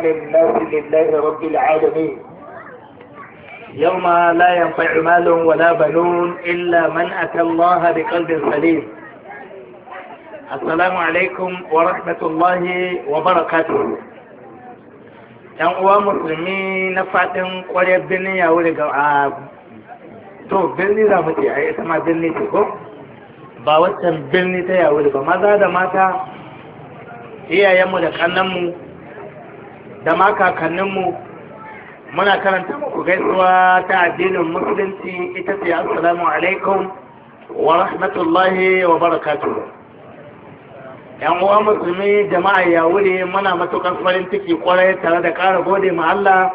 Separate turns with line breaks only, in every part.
أموال الناس لله رب العالمين يوم لا ينفع مال ولا بنون إلا من أتى الله بقلب سليم السلام عليكم ورحمة الله وبركاته ‘Yan uwa musulmi na faɗin ƙwarar birnin ya wuri ga to birni za mu ce a ita ma birni ce ko ba waccan birni ta yawuri ba maza da mata iyayenmu da ƙannanmu? da ma kakanninmu muna karanta muku gaisuwa ta addinin musulunci ita ce assalamu alaikum wa rahmatullahi wa barakatuh yan uwa musulmi jama'a ya wuri muna matukar farin ciki kwarai tare da kara gode ma Allah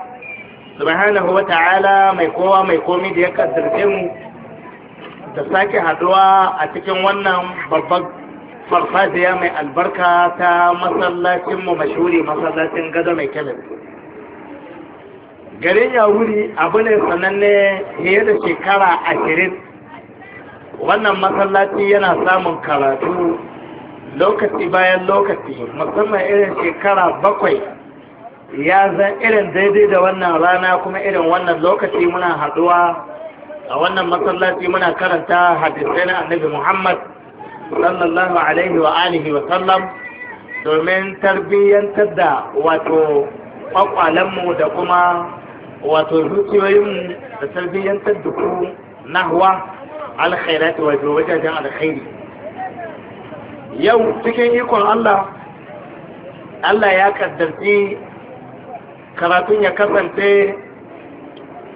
subhanahu wa ta'ala mai kowa mai komi da ya kaddarce mu da sake haduwa a cikin wannan babban farfajiya mai albarka ta masallacinmu mashuri masallacin gado mai kebis garin yawuri abu ne sananne fiye da shekara ashirin wannan masallaci yana samun karatu lokaci bayan lokaci musamman irin shekara bakwai ya zan irin daidai da wannan rana kuma irin wannan lokaci muna haɗuwa a wannan masallaci muna karanta hadisai na annabi muhammad sallallahu alaihi wa alihi wa sallam domin tarbiyyantar da wato kwakwalenmu da kuma wato zuciyoyinmu da tarbiyyantar da ku nahwa alkhairat wato wajajen alkhairi yau cikin ikon Allah Allah ya kaddarci karatun ya kasance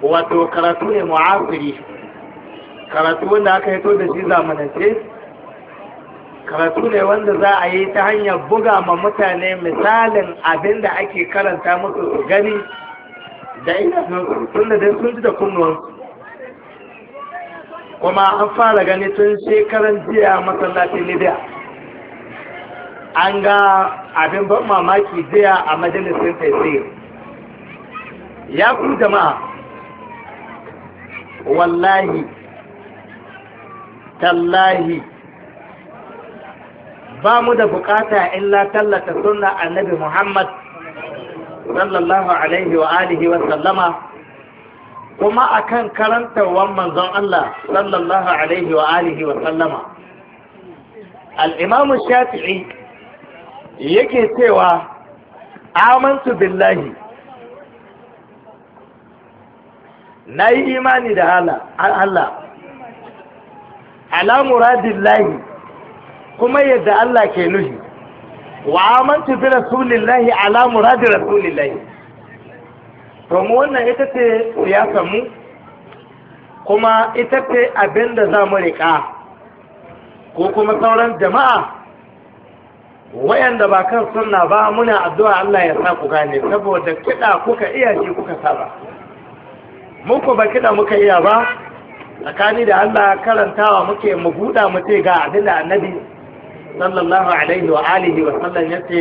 wato karatu ne mu'asiri karatu wanda aka yi to da shi zamanance karatu ne wanda za a yi ta hanyar buga ma mutane misalin abin da ake karanta musu su gani da ina sun da dai sun ji da kunnuwan kuma an fara gani tun shekaran jiya masallacin libya an ga abin ban mamaki jiya a majalisin taisir ya ku jama'a wallahi tallahi ba mu da bukata illa tallata sunna annabi Muhammad sallallahu alaihi wa alihi wa sallama kuma akan karanta karantawan manzon Allah sallallahu alaihi wa alihi wa sallama al-Imam Shafi'i yake cewa amantu billahi na yi imani da Allah ala muradillahi. kuma yadda Allah ke nuhi wa amantu bi rasulillahi ala muradi rasulillahi to mu wannan ita ce siyasar mu kuma ita ce abin da za mu riƙa ko kuma sauran jama'a wayanda ba kan sunna ba muna addu'a Allah ya sa ku gane saboda kiɗa kuka iya shi kuka saba muku ba kiɗa muka iya ba tsakani da Allah karantawa muke mu buɗa mu ce ga abin da annabi sallallahu alaihi wa alihi wa sallam ce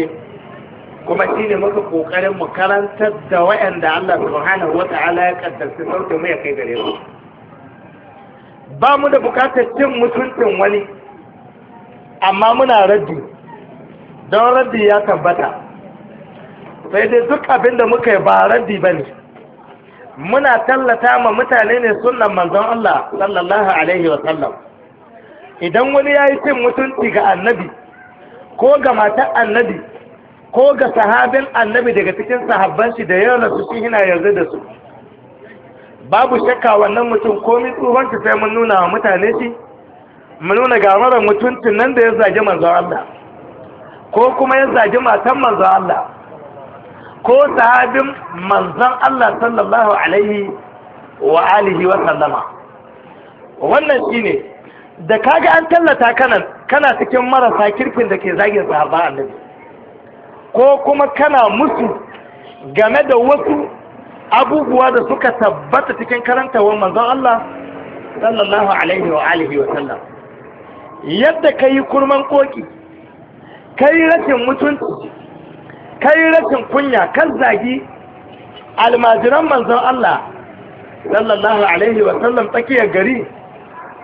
kuma shi ne muka kokarin mu karantar da wayanda Allah subhanahu wa ta'ala ya kaddace sauke mu ya kai gare mu ba mu da bukatar cin mutuncin wani amma muna raddi don raddi ya tabbata sai dai duk abin da muka yi ba raddi ba ne muna tallata ma mutane ne sunan manzon Allah sallallahu alaihi wa sallam idan wani ya yi cin mutunci ga annabi ko ga matan annabi ko ga sahabin annabi daga cikin sahabban shi da na su shi yana yarda da su babu shakka wannan mutum komi tsohon sai mun nuna wa mutane shi mu nuna ga mara mutuncin nan da ya zage manzo Allah ko kuma ya zage matan manzo Allah ko sahabin manzan Allah sallallahu alaihi wa alihi wa sallama wannan shine da kaga an tallata kanan kana cikin marasa kirkin da ke zagin a annabi ko kuma kana musu game da wasu abubuwa da suka tabbata cikin karantawar manzon Allah sallallahu alaihi wa alihi wa sallam yadda ka yi kurman koki ka yi rashin mutunci ka yi rashin kunya kan zagi almajiran manzon Allah sallallahu alaihi wa sallam tsakiyar gari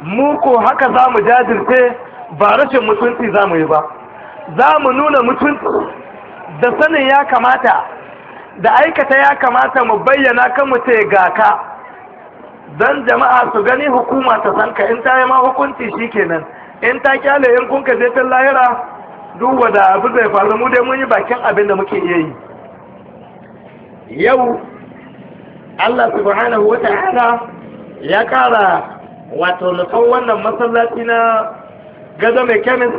mu ko haka za mu jajirce ba rashin mutunci za mu yi ba za mu nuna mutunci da sanin ya kamata da aikata ya kamata mu bayyana kan mu ce ga ka don jama'a su gani hukuma ta san ka in ta yi ma hukunci shikenan in ta kyale in kun ka je ta lahira duk da abu zai faru mu dai mun yi bakin abin da muke iya yi yau Allah subhanahu wa ta'ala ya ƙara wato nufan wannan masallaci na gado mai kemis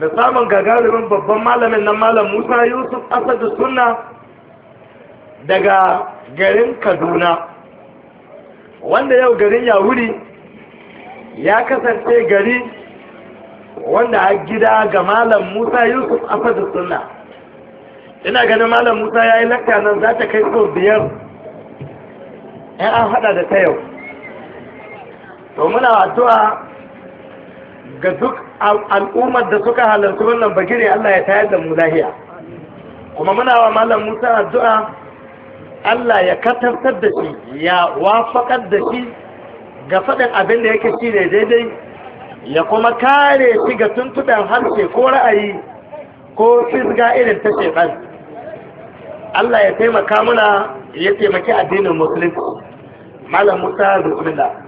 da samun gagarumin babban malamin na malam musa yusuf asadu sunna daga garin kaduna wanda yau garin yahudi ya kasance gari wanda a gida ga malam musa yusuf asadu suna ina ganin malam musa ya yi lakta nan za ta kai sau biyar in an hada da ta yau to muna addu'a ga duk al'ummar da suka halarci wannan bagire Allah ya tayar da mu lahiya kuma muna wa malam Musa addu'a Allah ya katartar da shi ya wafakar da shi ga faɗin abin da yake shi daidai ya kuma kare shi ga tuntuɗan harshe ko ra'ayi ko fisga irin ta shekan Allah ya taimaka muna ya taimaki addinin musulunci malam Musa bismillah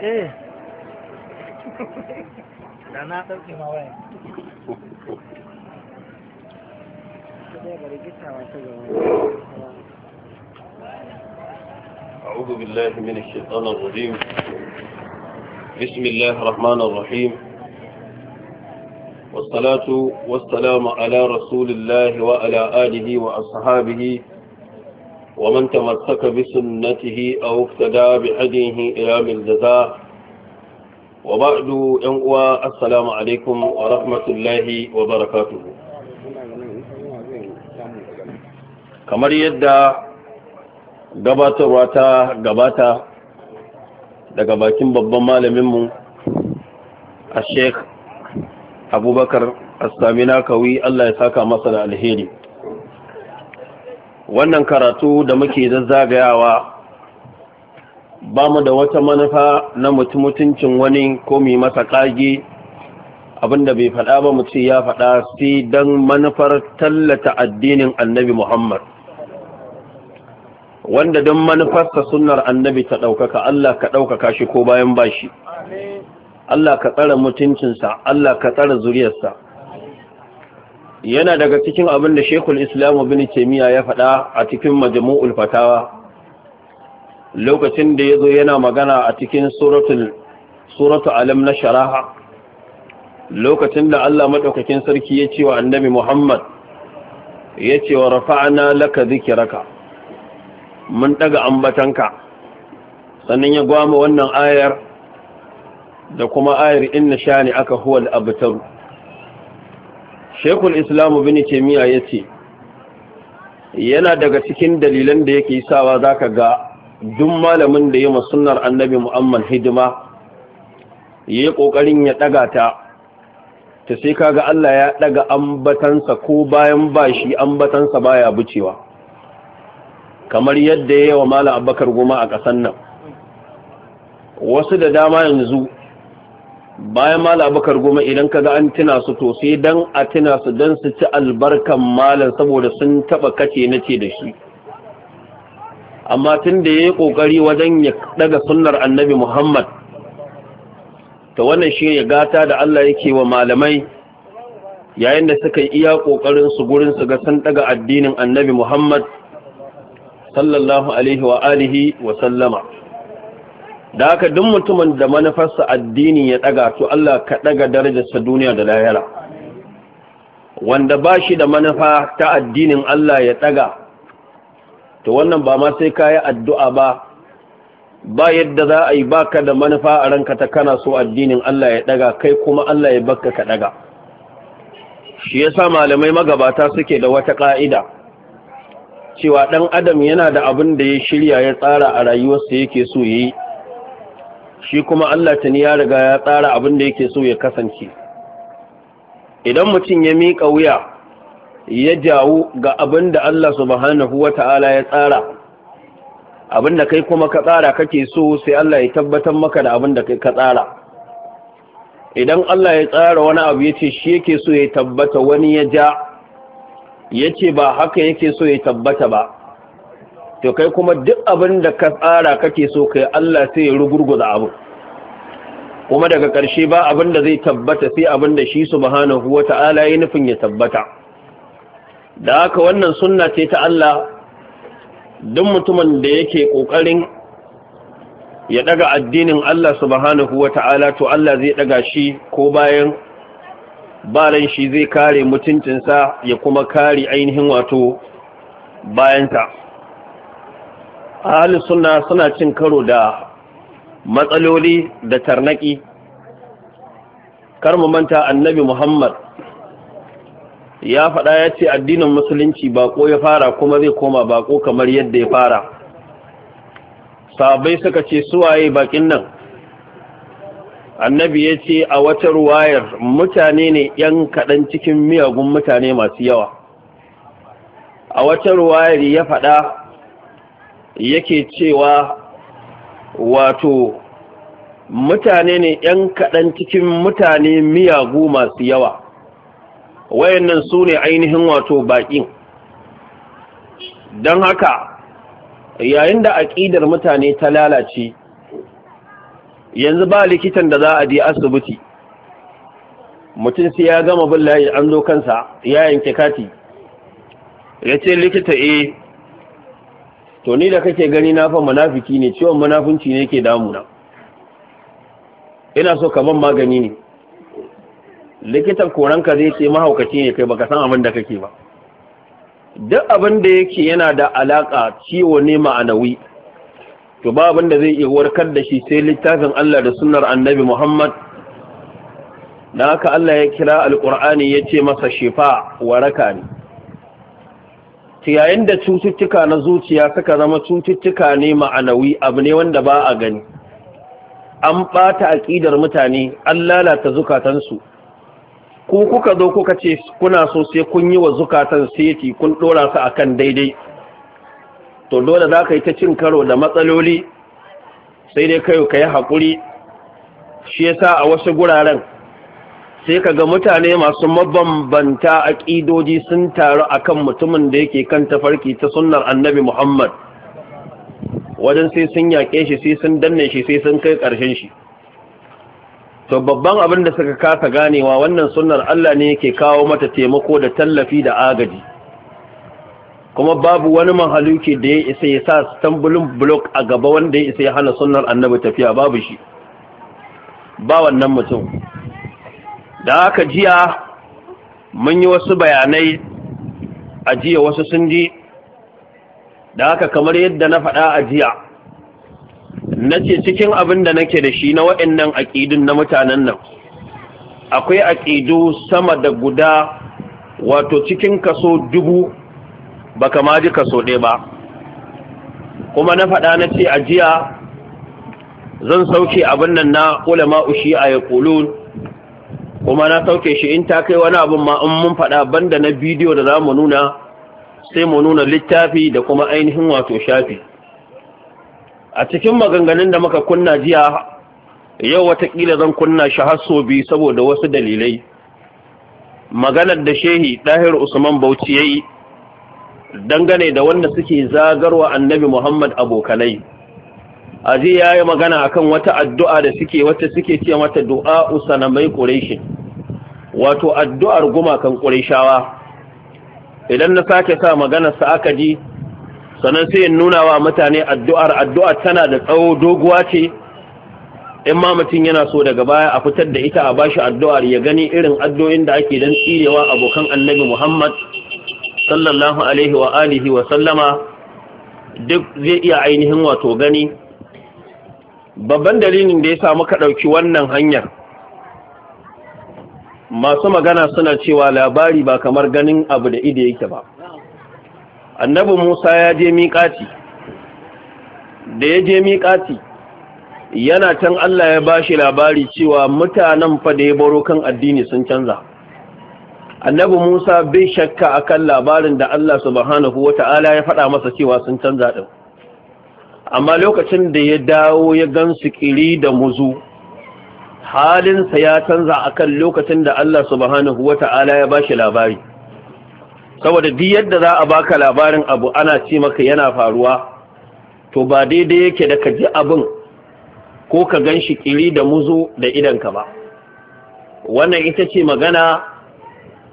إيه.
أعوذ بالله من الشيطان الرجيم بسم الله الرحمن الرحيم والصلاة والسلام على رسول الله وعلى آله وأصحابه ومن تمسك بسنته أو افتدى بهديه إلى من جزاء وبعد ينقوى السلام عليكم ورحمة الله وبركاته kamar yadda gabatarwa ta gabata daga bakin babban malaminmu a sheikh abubakar astamina kawi allah ya saka masa da alheri wannan karatu da muke zazzagayawa ba mu da wata manufa na mutuncin wani ko mai masa ƙage abinda bai faɗa ba mu ce ya faɗa sai don manufar tallata addinin annabi muhammad wanda don manufarsa sunnar annabi ta ɗaukaka allah ka ɗaukaka shi ko bayan bashi allah ka tsara mutuncinsa allah ka tsara zuriyarsa yana daga cikin abin da shekul islamu bin taimiyya ya faɗa a cikin majmu'ul fatawa lokacin da ya zo yana magana a cikin suratu alam na sharaha lokacin da allah maɗaukakin sarki ya ce wa annabi muhammad ya ce wa rafa'ana laka zikiraka mun ɗaga ambatanka sannan ya gwama wannan ayar da kuma ayar inna shani aka huwal abtaru shekul islamu Bini taimiyya ya ce yana daga cikin dalilan da yake sawa za ka ga duk malamin da yi masunar annabi mu'amman hidima ya yi ƙoƙarin ya ɗaga ta ta sai kaga Allah ya ɗaga ambatansa ko bayan bashi ambatansa baya bucewa kamar yadda ya yi wa malam abakar goma a ƙasan nan wasu da dama yanzu bayan mala abakar goma idan ka ga an tuna su to sai dan a tuna su dan su ci albarkan malam saboda sun taba kace na ce da shi amma tun da ya yi kokari wajen ya daga sunnar annabi muhammad ta wannan shi ya gata da allah yake wa malamai yayin da suka yi iya kokarin su gurin su ga sun daga addinin annabi muhammad sallallahu alaihi wa alihi wa sallama da haka duk mutumin da manufarsa addini ya ɗaga, to Allah ka daga darajarsa duniya da lahira wanda ba shi da manufa ta addinin Allah ya daga to wannan ba ma sai ka yi addu'a ba ba yadda za a yi baka da manufa a ranka ta kana so addinin Allah ya ɗaga, kai kuma Allah ya baka ka daga shi ya sa malamai magabata suke da wata ƙa'ida. cewa ɗan adam yana da abin da ya shirya ya tsara a rayuwarsa yake so yi shi kuma Allah ta ni ya riga ya tsara abin da yake so ya kasance idan mutum ya miƙa wuya ya jawo ga abin da Allah subhanahu wata'ala ya tsara abin da kai kuma ka tsara kake so sai Allah ya tabbatar maka da abin da kai ka tsara idan Allah ya tsara wani abu yace shi yake so ya tabbata wani ya ja ya ba haka yake so ya tabbata ba to kai kuma duk abin da ka tsara kake so kai Allah sai ya rugurguza abu kuma daga ƙarshe ba abin da zai tabbata sai abin da shi subhanahu wata'ala ya nufin ya tabbata da haka wannan sunna ce ta Allah duk mutumin da yake ƙoƙarin ya daga addinin Allah subhanahu wata'ala to Allah zai daga shi ko bayan baran shi zai kare mutuncinsa ya kuma kare ainihin wato bayanta ahalin suna suna cin karo da matsaloli da tarnaki kar mu manta annabi muhammad ya faɗa ya ce addinin musulunci bako ya fara kuma zai koma bako kamar yadda ya fara sabai suka ce suwaye bakin nan annabi ya ce a wata ruwayar mutane ne yan kaɗan cikin miyagun mutane masu yawa a wata ruwayar ya faɗa yake cewa wato mutane ne ‘yan kaɗan cikin mutane miyagu masu yawa wayannan su ne ainihin wato baƙin don haka yayin da aƙidar mutane ta lalace yanzu ba likitan da za a je asibiti mutum sai ya gama bin layi an zo kansa ya yanke kati ya ce likita e. to ni da kake gani na fa munafiki ne ciwon munafunci ne yake damuna ina so ka ban magani ne likitan koranka zai ce mahaukaci ne kai baka san abin da kake ba duk abin da yake yana da alaka ciwo ne ma'anawi to ba abin da zai iya warkar da shi sai littafin Allah da sunnar annabi Muhammad da haka Allah ya kira alqur'ani ya ce masa shifa waraka ne to yayin da cututtuka na zuciya suka zama cututtuka ne ma'anawi abu ne wanda ba a gani an ɓata aƙidar mutane an lalata zukatansu ku kuka zo kuka ce kuna so sai kun yi wa zukatan seti kun ɗora su akan daidai to dole za ka yi ta cin karo da matsaloli sai dai kai ka yi haƙuri shi yasa a wasu guraren sai ka ga mutane masu mabambanta aƙidoji sun taru akan mutumin da yake kan tafarki ta sunnar annabi muhammad wajen sai sun yaƙe shi sai sun danne shi sai sun kai ƙarshen shi to babban abin da suka kasa ganewa wannan sunnar allah ne yake kawo mata taimako da tallafi da agaji kuma babu wani mahaluki da ya isa ya sa stambulin blok a gaba wanda ya isa ya hana sunnar annabi tafiya babu shi ba wannan mutum da aka jiya mun yi wasu bayanai a jiya wasu sun ji da aka kamar yadda na faɗa a jiya na ce cikin abin da nake da shi na waɗannan aƙidun na mutanen nan akwai aƙidu sama da guda wato cikin kaso dubu ba kama ji kaso ɗaya ba kuma na faɗa na ce a jiya zan sauke abin nan na ulama ushi a ya kuma na sauke shi in ta kai wani abin ma in mun faɗa banda na bidiyo da za mu nuna sai mu nuna littafi da kuma ainihin wato shafi a cikin maganganun da muka kunna jiya yau watakila zan kunna shi har so biyu saboda wasu dalilai maganar da shehi ɗahir usman bauchi ya yi dangane da wanda suke zagarwa annabi muhammad abokanai aji ya yi magana akan wata addu'a da suke wata suke ce mata du'a usana mai ƙureshi wato addu'ar gumakan ƙurishawa idan na sake sa maganarsa aka ji sannan sai in nuna wa mutane addu'ar addu'ar tana da tsawo doguwa ce in ma mutum yana so daga baya a fitar da ita a bashi addu'ar ya gani irin addu'o'in da ake don tsirewa abokan annabi muhammad sallallahu alaihi wa alihi wa sallama duk zai iya ainihin wato gani babban dalilin da ya sa muka ɗauki wannan hanyar masu magana suna cewa labari ba kamar ganin abu da ido yake ba annabi musa ya je miƙati da ya je miƙati yana can allah ya bashi labari cewa mutanen fa da ya baro kan addini sun canza annabi musa bai shakka akan labarin da allah subhanahu ta'ala ya faɗa masa cewa sun canza ɗin amma lokacin da ya dawo ya gan su ƙiri da muzu halinsa ya canza akan lokacin da Allah subhanahu wa ta'ala ya bashi labari saboda duk yadda za a baka labarin abu ana ce maka yana faruwa to ba daidai yake da ka ji abin ko ka gan shi kiri da muzo da idanka ba wannan ita ce magana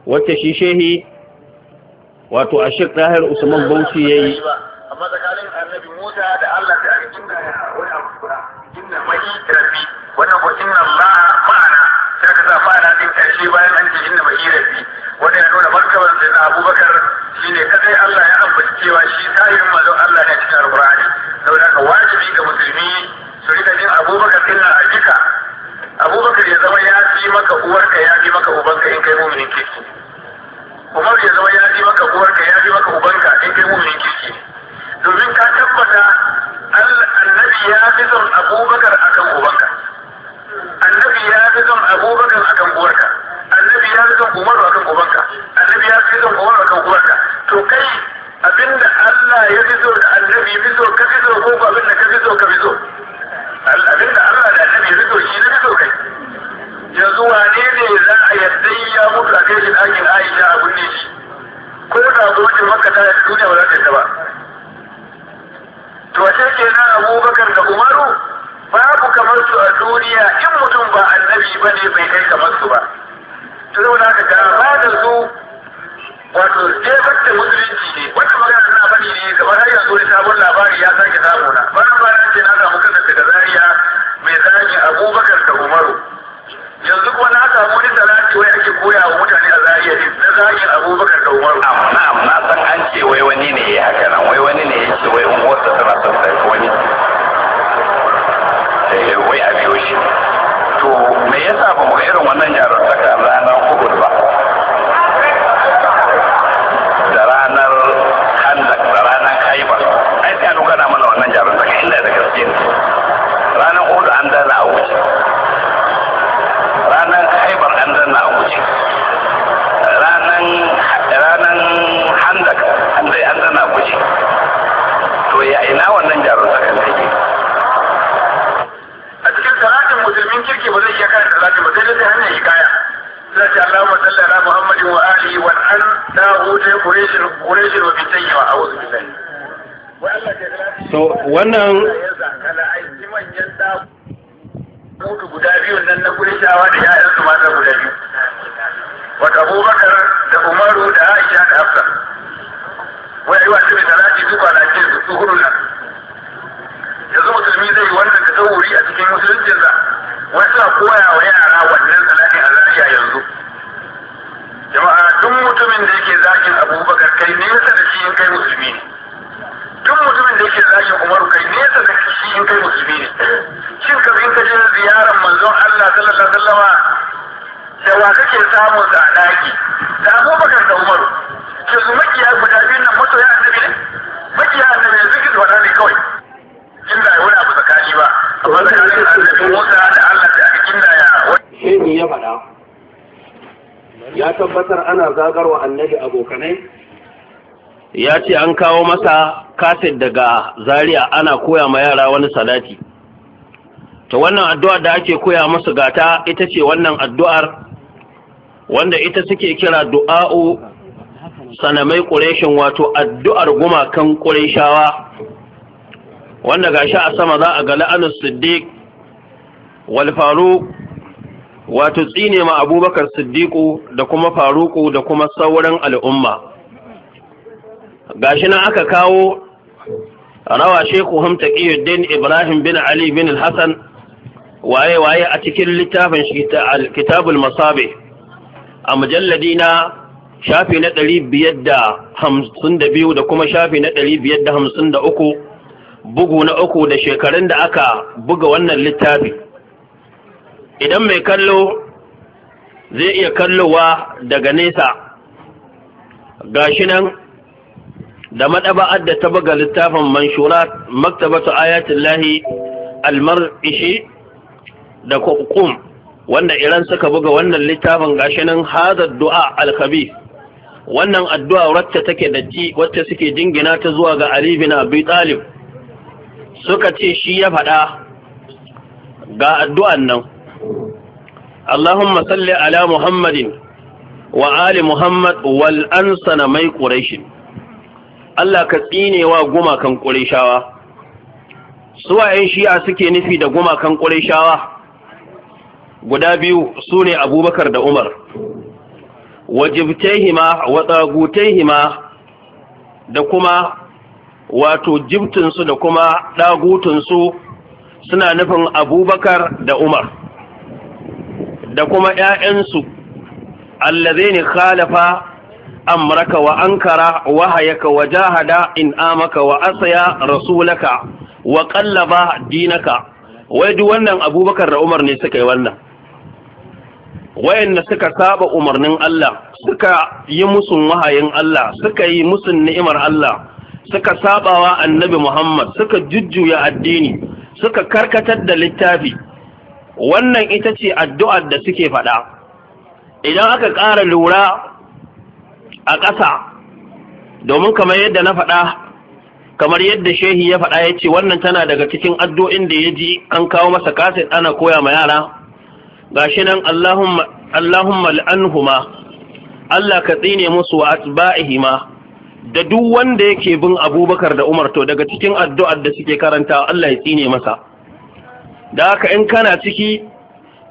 wacce shi shehi wato a shek usman bauchi ya yi amma tsakanin annabi musa da allah ta ake wani abu mai ƙarfi Wannan ko inna Allah ma'ana sai ka sa ma'ana din karshe bayan an ce inna ma'i rabbi wanda ya nuna martaban
sai na Abubakar shine kadai Allah ya ambaci cewa shi tayin mazan Allah ne cikin Al-Qur'ani saboda ka wajibi ga musulmi su rika jin Abubakar inna abika Abubakar ya zama ya fi maka uwarka ya fi maka ubanka in kai mu'minin kirki Umar ya zama ya fi maka uwarka ya
fi maka ubanka in kai mu'minin kirki domin ka tabbata annabi ya fi son abubakar akan ubanka annabi
ya fi son abubakar a kan uwarka annabi ya fi son umaru a kan ubanka annabi ya fi son umaru kan uwarka to kai abinda Allah ya fi zo da annabi fi zo ka fi zo ko ba abinda ka fi zo ka fi zo abinda Allah da annabi ya fi zo shi na fi so kai yanzu wane ne za a yarda ya mutu a kai shi ɗakin Aisha a kunne shi ko da gwamnatin Makka ta duniya ba za ta yarda ba to ke na Abubakar da Umaru babu kamar su a duniya in mutum ba annabi ba ne bai kai kamar su ba ta zauna ka gaba da su wato jefar da musulunci
ne Wata magana na bani ne kamar har yanzu wani sabon labari ya sake samu na bayan bayan ce na samu kan daga zariya mai zagi abubakar da umaru yanzu kuma na samu wani salati wai ake koya wa mutane a zariya ne na zagin abubakar da umaru amma na san an ce wai wani ne ya haka nan wai wani ne ya ce wai unguwarsa tana son sai wani wai a biyo shi to me yasa ba mu ga irin wannan jarumtaka ranar uhud ba
ba zai iya kare salati ba sai dai hanyar hikaya sai ce Allahumma salli ala Muhammadin wa alihi wa an da'ude quraish quraish wa bitayya wa a'udhu billahi
to wannan
mutu guda biyu nan na kurishawa da ya'yansu mata guda biyu wata abubakar da umaru da aisha da hafsa
wai yi wasu mai talati su kwanakin su tuhurun nan yanzu musulmi zai yi wannan da sauri a cikin musuluncin suna koya wa yara wannan salati a zakiya yanzu jama'a duk mutumin da yake zakin abubakar kai nesa da shi in kai musulmi ne duk mutumin da yake zakin umaru kai nesa da shi in kai
musulmi ne shin ka in ka je ziyarar manzon Allah sallallahu alaihi wasallama da wa kake samun sa a daki da abubakar da umaru ke su makiya guda
biyu nan masoya annabi ne makiya annabi ne zikir wada ne kawai inda da wani abu
tsakani ba amma tsakanin annabi Musa mutum ya faɗa ya tabbatar ana zagarwa annabi abokanai ya ce an kawo masa kaset daga zaria ana koya ma yara wani salati ta wannan addu'ar da ake koya musu gata ita ce wannan addu'ar wanda ita suke kira du'a'u sanamai ƙureshin wato addu'ar gumakan ƙureshawa wanda gashi a sama za a ga la'anus siddiq wal wato tsine ma abubakar siddiqu da kuma faruku da kuma sauran al'umma gashi nan aka kawo rawa sheku shekuhum taqiyuddin ibrahim bin ali bin hassan waye waye a cikin littafin kitabul masabi a mujalladi na shafi na biyu da kuma shafi na uku, bugu na uku da shekarun da aka buga wannan littafi idan mai kallo zai iya kallowa daga nesa gashi nan da maɗaba'ar da ta buga littafin manshurat maktabatu ayatin lahi almar da kukum wanda iran suka buga wannan littafin gashi nan hadar du'a alkhabi wannan addu'a wacce take da ji wacce suke jingina ta zuwa ga ali bin abi talib suka ce shi ya faɗa ga addu'an nan اللهم صل على محمد وآل محمد والأنسن مي قريش الله كتيني وقما كان قريشاوا سواء شيعة سكي نفي دا قما كان قريشاوا guda biyu su ne abubakar da umar wajibtaihima wa tsagutaihima da kuma wato jibtunsu da kuma ɗagutunsu suna nufin abubakar da umar da kuma ‘ya'yansu allazai ne khalafa amraka wa ankara wahayaka wa jahada in amaka wa asaya rasulaka wa kallaba dinaka wai duk wannan abubakar da umar ne suka yi wannan wayanda suka saba umarnin Allah suka yi musun wahayin Allah suka yi musun ni'imar Allah suka sabawa annabi Muhammad suka jujjuya addini suka karkatar da littafi wannan ita ce addu'ar da suke faɗa idan aka ƙara lura a ƙasa domin kamar yadda na faɗa kamar yadda shehi ya faɗa ya ce wannan tana daga cikin addu'in da ya ji an kawo masa kaset ana koya ma yara Ga shi nan Allahumma mal'anhuma Allah ka tsine musu wa atba'ihima da duk wanda yake bin abubakar da umar to daga cikin addu'ar da suke karanta Allah ya tsine masa da haka in kana ciki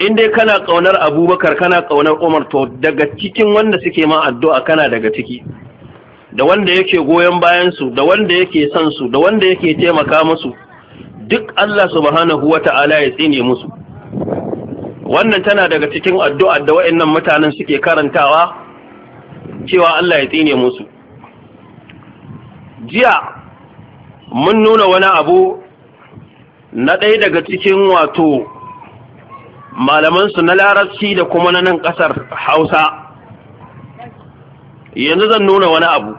in dai kana ƙaunar abubakar kana ƙaunar umar to daga cikin wanda suke ma addu'a kana daga ciki da wanda yake goyon bayansu da wanda yake son su da wanda yake taimaka musu duk Allah subhanahu wata'ala ya tsine musu wannan tana daga cikin addu'a da waɗannan mutanen suke karantawa cewa Allah ya tsine musu jiya mun nuna wani abu na ɗaya daga cikin wato malamansu na larabci da kuma na nan ƙasar hausa yanzu zan nuna wani abu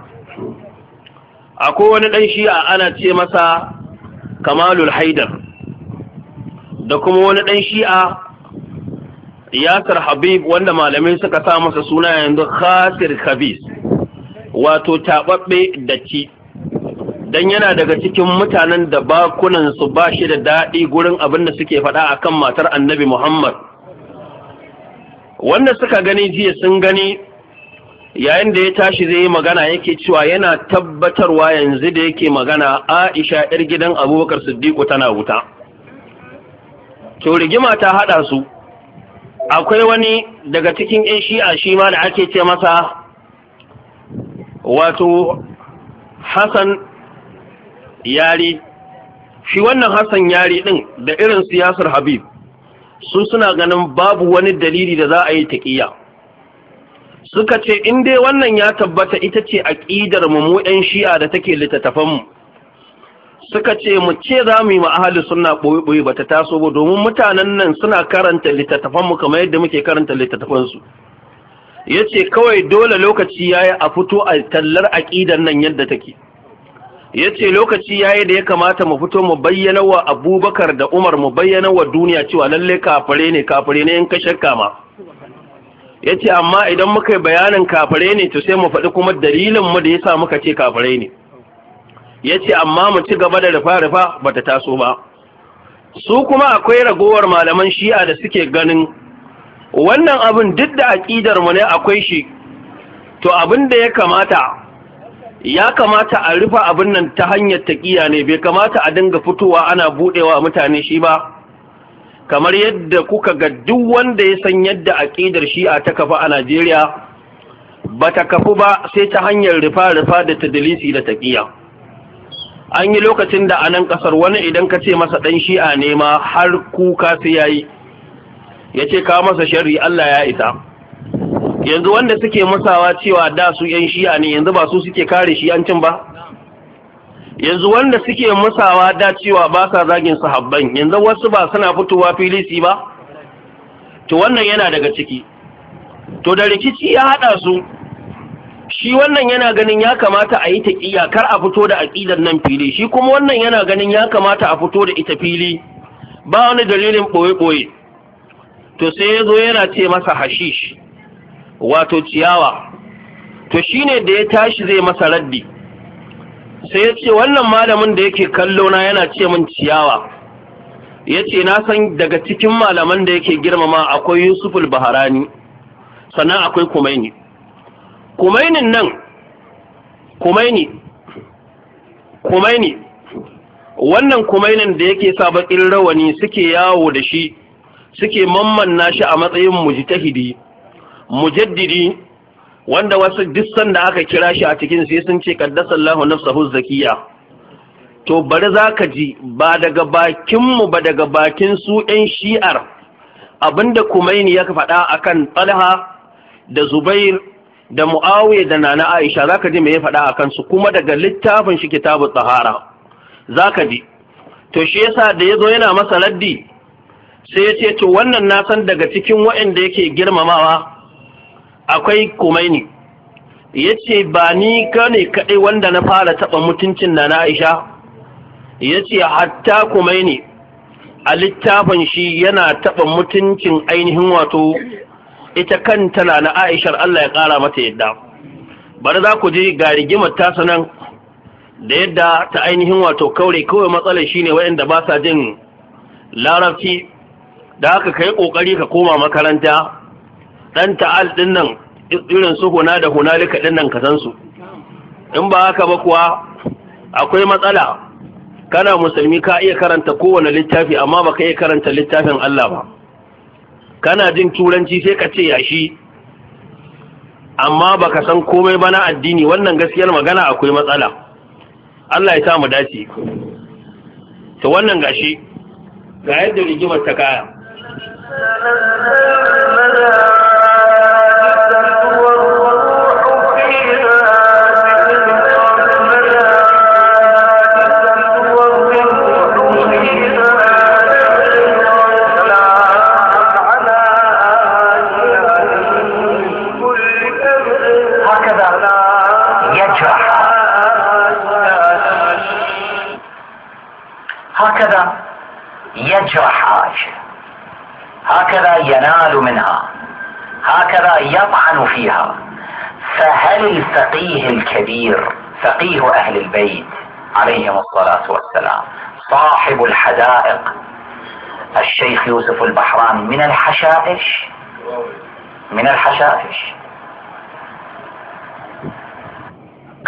akwai wani ɗan shi'a ana ce masa kamalul haidar da kuma wani ɗan shi'a yasir habib wanda malamai suka sa masa suna yanzu khasir khabis wato taɓaɓɓe da dan yana daga cikin mutanen da bakunan su ba shi da daɗi gurin abin da suke faɗa akan matar annabi Muhammad wanda suka gani jiya sun gani yayin da ya tashi zai yi magana yake cewa yana tabbatarwa yanzu da yake magana Aisha yar gidan Abubakar Siddiqu tana wuta to rigima ta haɗa su akwai wani daga cikin yan shi'a shi ma da ake ce masa wato Hassan yari shi wannan hassan yari din da irin siyasar habib su suna ganin babu wani dalili da za a yi taƙiya suka ce in dai wannan ya tabbata ita ce aƙidar mu 'yan shi'a da take littattafanmu suka ce mu ce za mu yi ma'ahali suna ɓoye-ɓoye ba ta taso ba domin mutanen nan suna karanta littattafanmu kamar yadda muke karanta littattafansu ya ce kawai dole lokaci ya yi a fito a tallar aƙidar nan yadda take ya ce lokaci ya yi da ya kamata mu fito mu bayyana wa abubakar da umar mu bayyana wa duniya cewa lallai kafare ne kafare ne in ka shakka ya ce amma idan muka yi bayanin kafare ne to sai mu faɗi kuma dalilin mu da ya sa muka ce kafare ne ya ce amma mu ci gaba da rufa-rufa ba ta taso ba su kuma akwai ragowar malaman shi'a da suke ganin wannan abin duk da aƙidar mu ne akwai shi to abin da ya kamata ya kamata a rufe abin nan ta hanyar taƙiya ne bai kamata a dinga fitowa ana buɗewa mutane shi ba kamar yadda kuka ga duk wanda ya san yadda aƙidar shi'a ta kafa a najeriya ba ta kafu ba sai ta hanyar rufa-rufa da dalisi da taƙiya an yi lokacin da a nan ƙasar wani idan ka ce masa ɗan shi'a ne ma har kuka sai ya yi ya ce ka masa shari'a allah ya isa yanzu wanda suke masawa cewa da su yan shi'a ne yanzu ba su suke kare shi'ancin ba yanzu wanda suke masawa da cewa ba sa zagin sahabban yanzu wasu ba suna fitowa fili filisi ba to wannan yana daga ciki to da rikici ya haɗa su shi wannan yana ganin ya kamata a yi taƙiyya kar a fito da aƙidar nan fili shi kuma wannan yana ganin ya kamata a fito da ita fili ba wani dalilin ɓoye-ɓoye to sai ya zo yana ce masa hashish wato ciyawa to shine da ya tashi zai masa raddi sai ya ce wannan malamin da yake kallo na yana ce min ciyawa ya ce na san daga cikin malaman da yake girmama akwai yusuful baharani sannan akwai kumaini kumainin nan kumaini kumaini wannan kumainin da yake sa baƙin rawani suke yawo da shi suke mamman shi a matsayin mujtahidi mujaddidi wanda wasu dissan da aka kira shi a cikin sai sun ce Allahu nafsahu zakiya to bari zaka ji ba daga bakin mu ba daga bakin su ɗan shi'ar abinda kumaini ya faɗa akan Talha da Zubair da Muawiya da Nana Aisha zaka ji me ya faɗa akan su kuma daga littafin shi kitabu tsahara zaka ji to shi yasa da yazo yana masa laddi sai ya ce to wannan na san daga cikin waɗanda yake girmamawa akwai kumaini ya ce ba ni ka kaɗai wanda na fara taɓa mutuncin na na aisha ya ce hatta kumaini a littafin shi yana taɓa mutuncin ainihin wato ita kan tana na aishar allah ya ƙara mata yadda bari za ku je ga rigimar tasa nan. da yadda ta ainihin wato kaure kawai matsalar shi ne waɗanda ba sa jin larabci da haka kai ƙoƙari ka koma makaranta ɗan ta'al ɗin nan irin su huna da hunalika ɗin nan ka su in ba haka ba kuwa akwai matsala kana musulmi ka iya karanta kowane littafi amma ba ka iya karanta littafin Allah ba kana jin turanci sai ka ce yashi amma ba ka san komai ba na addini wannan gaskiyar magana akwai matsala Allah ya sa mu dace to wannan gashi ga yadda rigimar ta kaya
ينال منها هكذا يطعن فيها فهل الفقيه الكبير فقيه اهل البيت عليهم الصلاة والسلام صاحب الحدائق الشيخ يوسف البحراني من الحشائش من الحشائش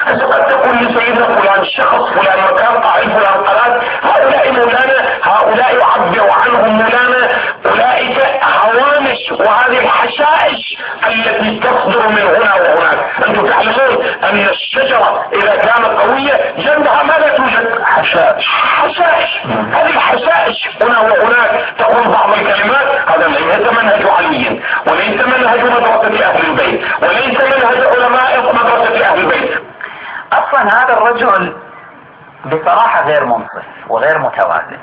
قد تقول لسيدنا فلان شخص فلان مكان قاعد فلان قناة
هؤلاء مولانا هؤلاء يعبر عنهم مولانا الحشائش وهذه الحشائش التي تصدر من هنا وهناك انتم تعلمون ان الشجرة اذا كانت قوية جنبها ماذا توجد حشائش حشائش هذه الحشائش هنا وهناك تقول بعض الكلمات هذا ليس منهج علي وليس منهج مدرسة اهل البيت وليس منهج علماء مدرسة اهل البيت اصلا
هذا الرجل
بصراحة غير منصف وغير متوازن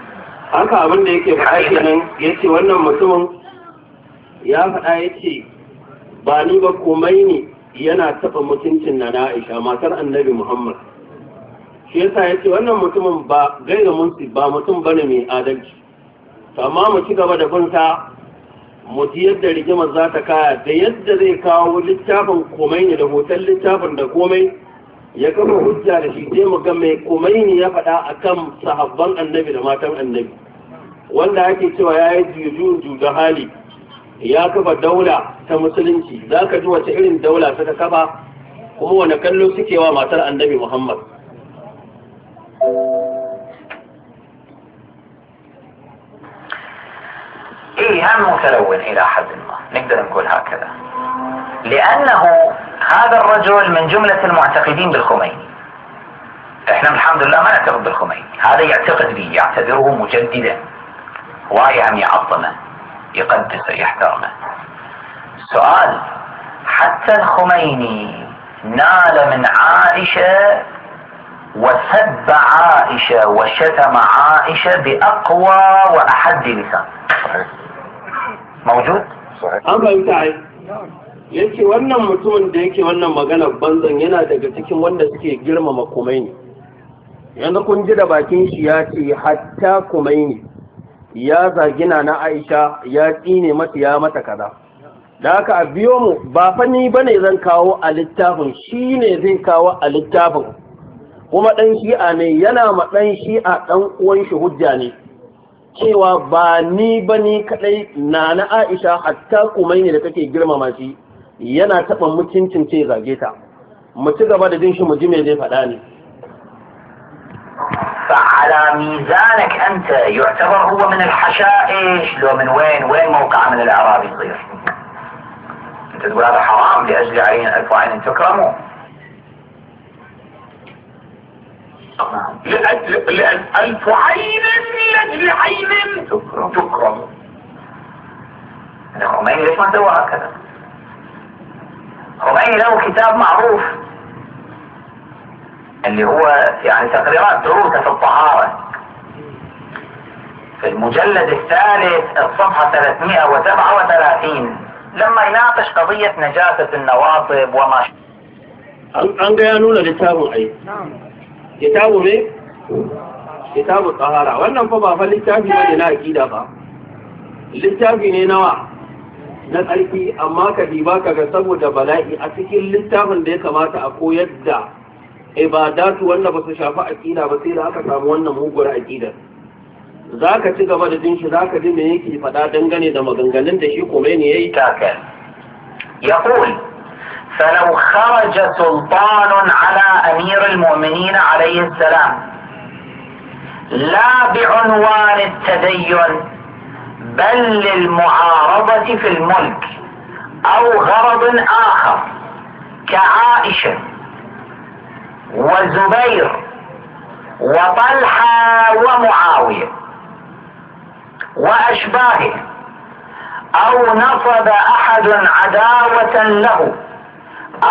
أنا أقول لك yake faɗa kenan yace wannan ya faɗa ya ce ba ni ba komai ne yana taɓa mutuncin na Aisha matar annabi Muhammad shi yasa ya ce wannan mutumin ba gaira munsi ba mutum ba ne mai adalci amma mu ci gaba da bunta mu ji yadda rigimar za ta kaya da yadda zai kawo littafin komai ne da hoton littafin da komai ya kafa hujja da shi sai mu ga mai komai ne ya faɗa a kan sahabban annabi da matan annabi wanda ake cewa ya yi juju da hali ya kafa daula ta musulunci za ka ji wace irin daula ta kafa kuma wane kallo suke wa matar annabi muhammad
إيهام
متلون إلى حد ما نقدر نقول هكذا لأنه هذا الرجل من جملة المعتقدين بالخميني احنا الحمد لله ما نعتقد بالخميني هذا يعتقد به يعتبره مجددا وهاي هم يعظمه يقدسه يحترمه سؤال حتى الخميني نال من عائشة وسب عائشة وشتم عائشة بأقوى
وأحد لسان موجود؟ صحيح yake wannan mutumin da yake wannan maganar banzan yana daga cikin wanda suke girmama kumaini yanzu kun ji da bakin shi ya ce hatta kumaini ya zagina na aisha ya tsine mata ya mata kaza da haka a biyo mu ba fa ni bane zan kawo a littafin shi ne zai kawo a littafin kuma ɗan shi'a ne yana ma ɗan shi'a ɗan uwan shi hujja ne cewa ba ni ba ni kaɗai na na aisha hatta kumai ne da kake girmama shi yana taɓa mutuncin ce zage ta mu ci gaba da jin shi mu ji me zai faɗa ne
فعلى ميزانك انت يعتبر هو من الحشائش لو من وين وين موقعه من الاعراب يصير انت تقول هذا حرام لاجل عين الف عين تكرموا لأجل لأن ألف عين لأجل
عين
تكرم تكرم يعني خميني ليش ما سوى هكذا؟ خميني له كتاب معروف اللي هو يعني تقريرات دروسه في الطهاره في المجلد الثالث الصفحه 337 لما يناقش قضيه
نجاسه النواصب وما عند يانون كتاب نعم كتاب ايه كتاب الطهاره وانا فبا فالكتاب ما لا اكيد ابا الكتاب نوع na tsarki amma ka diba ka ga saboda bala'i a cikin littafin da ya kamata ibadatu wanda ba su shafi aƙida ba sai da aka samu wannan muguwar aƙida za ka ci gaba da jin shi za ka ji me yake faɗa dangane da maganganun da shi kome ne ya yi taka
ya kuli فلو خرج سلطان على أمير المؤمنين عليه السلام لا بعنوان التدين بل للمعارضة في الملك أو غرض آخر كعائشة وزبير وطلحة ومعاوية وأشباهه أو نصب أحد عداوة له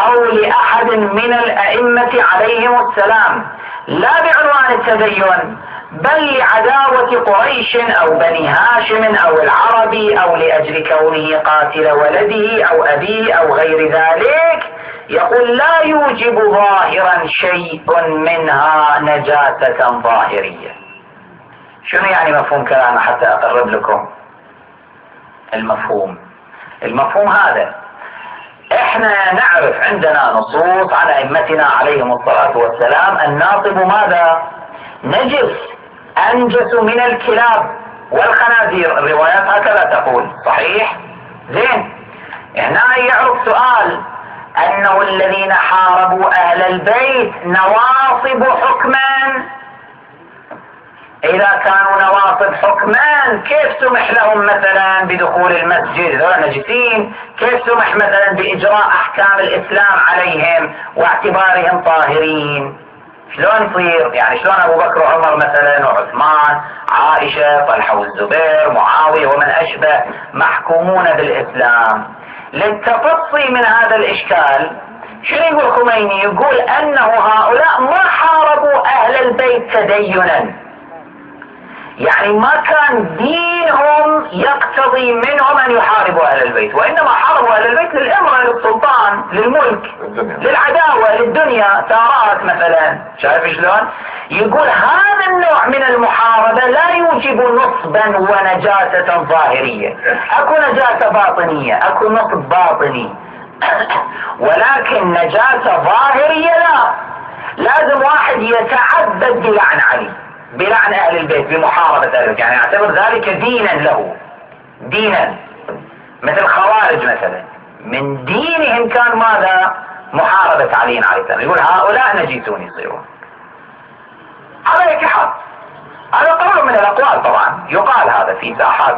أو لأحد من الأئمة عليهم السلام لا بعنوان التدين بل لعداوة قريش أو بني هاشم أو العربي أو لأجل كونه قاتل ولده أو أبيه أو غير ذلك يقول لا يوجب ظاهرا شيء منها نجاتة ظاهرية شنو يعني مفهوم كلامه حتى أقرب لكم المفهوم المفهوم هذا احنا نعرف عندنا نصوص على ائمتنا عليهم الصلاة والسلام الناصب ماذا نجس انجس من الكلاب والخنازير الروايات هكذا تقول صحيح زين هنا يعرف سؤال
أنه الذين حاربوا أهل البيت
نواصب حكما إذا كانوا نواصب حكما كيف سمح لهم مثلا بدخول المسجد هؤلاء نجسين كيف سمح مثلا بإجراء أحكام الإسلام عليهم واعتبارهم طاهرين شلون يصير يعني شلون أبو بكر وعمر مثلا وعثمان عائشة طلحة والزبير معاوية ومن أشبه محكومون بالإسلام للتفصي من هذا الإشكال شنو يقول الخميني يقول أنه هؤلاء ما حاربوا أهل البيت تدينا يعني ما كان دينهم يقتضي منهم أن يحاربوا أهل البيت وإنما حاربوا أهل البيت للإمرة للسلطان للملك للعداوة للدنيا ثارات مثلا شايف شلون يقول هذا النوع من المحاربة لا يوجب نصبا ونجاسة ظاهرية أكو نجاسة باطنية أكو نصب باطني
ولكن نجاسة ظاهرية
لا لازم واحد يتعبد بلعن علي بلعن اهل البيت بمحاربة اهل البيت يعني يعتبر ذلك دينا له دينا مثل خوارج مثلا من دينهم كان ماذا محاربة علي عليه السلام يقول هؤلاء نجيتون يصيرون على اي حال هذا قول من الاقوال طبعا يقال هذا في ساحات